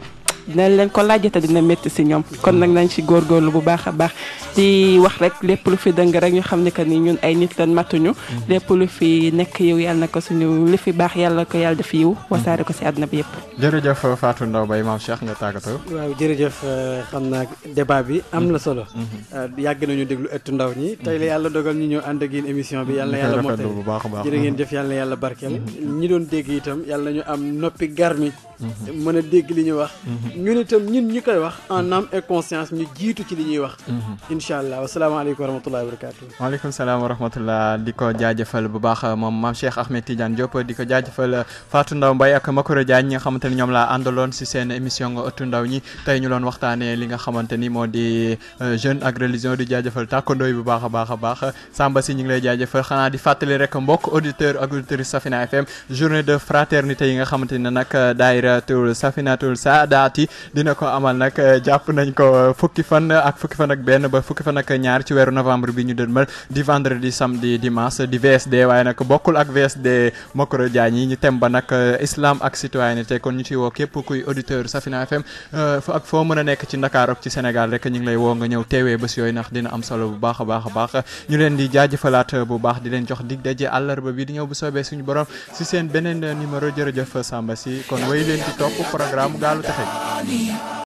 dinañ leen ko laaj te dina métti si ñoom kon nag nañ góor góorgóorlu bu baax a baax di wax rek lépp lu fi dëng rek ñu xam ne que ni ñun ay nit lañ matuñu lépp lu fi nekk yiw yàlla na ko suñu li fi baax yàlla ko yàlla def yiw wasaare ko si àdduna bi yëpp jërëjëf Fatou Ndao Mbaye maam Cheikh nga tàggatoo waaw jërëjëf euh, xam naa débat bi am na solo mm-hmm. euh, yàgg nañu déglu ëttu ndaw ñi tey la yàlla dogal ñu ñëw ànd ak yéen émission bi yàlla na yàlla mottali jërë ngeen jëf yàlla na yàlla barkeel mm-hmm. ñi doon dégg itam yàlla nañu am noppi garmi Mm-hmm. mën a dégg li ñu wax mm-hmm. ñun itam ñun ñu koy wax en âme et conscience ñu jiitu ci li ñuy wax mm-hmm. incha allah wasalaamaaleykum wa rahmatullahi wa barakatu waaleykum salaam wa rahmatullah di ko jaajafal bu baax uh, moom maam Cheikh Ahmed tiijan Diop di ko jaajëfal uh, Fatou Ndaw Mbaye ak Makoro Diagne ñi nga xamante ni ñoom laa àndaloon si seen émission nga ëttu ndaw ñi tey ñu loon waxtaanee li nga xamante ni moo di uh, jeune ak religion di jaajëfal tàkkandooy bu baax a baax a baax Samba si ñu ngi lay jaajëfal xanaa di fàttali rek mbokk auditeur ak auditrice Safina FM journée de fraternité yi nga xamante ne nag daayira safinatul safinatul saadaati dina ko amal nag eh, jàpp nañ ko fukki fan ak fukki fan ak benn ba fukki fan ak ñaar ci weeru novembre bi ñu dënmal di vendredi samedi dimanche di VSD waaye nag bokkul ak VSD Mokoro Diagne yi ñu tem ba nag eh, islam ak te kon ñu ci woo képp kuy auditeur Safina FM eh, ak foo mën a nekk ci Ndakaar ak ci Sénégal rek ñu ngi lay woo nga ñëw teewee si yooyu ndax dina am solo bu baax a baax a baax ñu leen di jaajëfalaat bu baax di leen jox dig daje àllarba bi di ñëw bu soobee suñu borom si seen beneen numéro jërëjëf Samba si ngeen di topp programme Gaallou Tékhé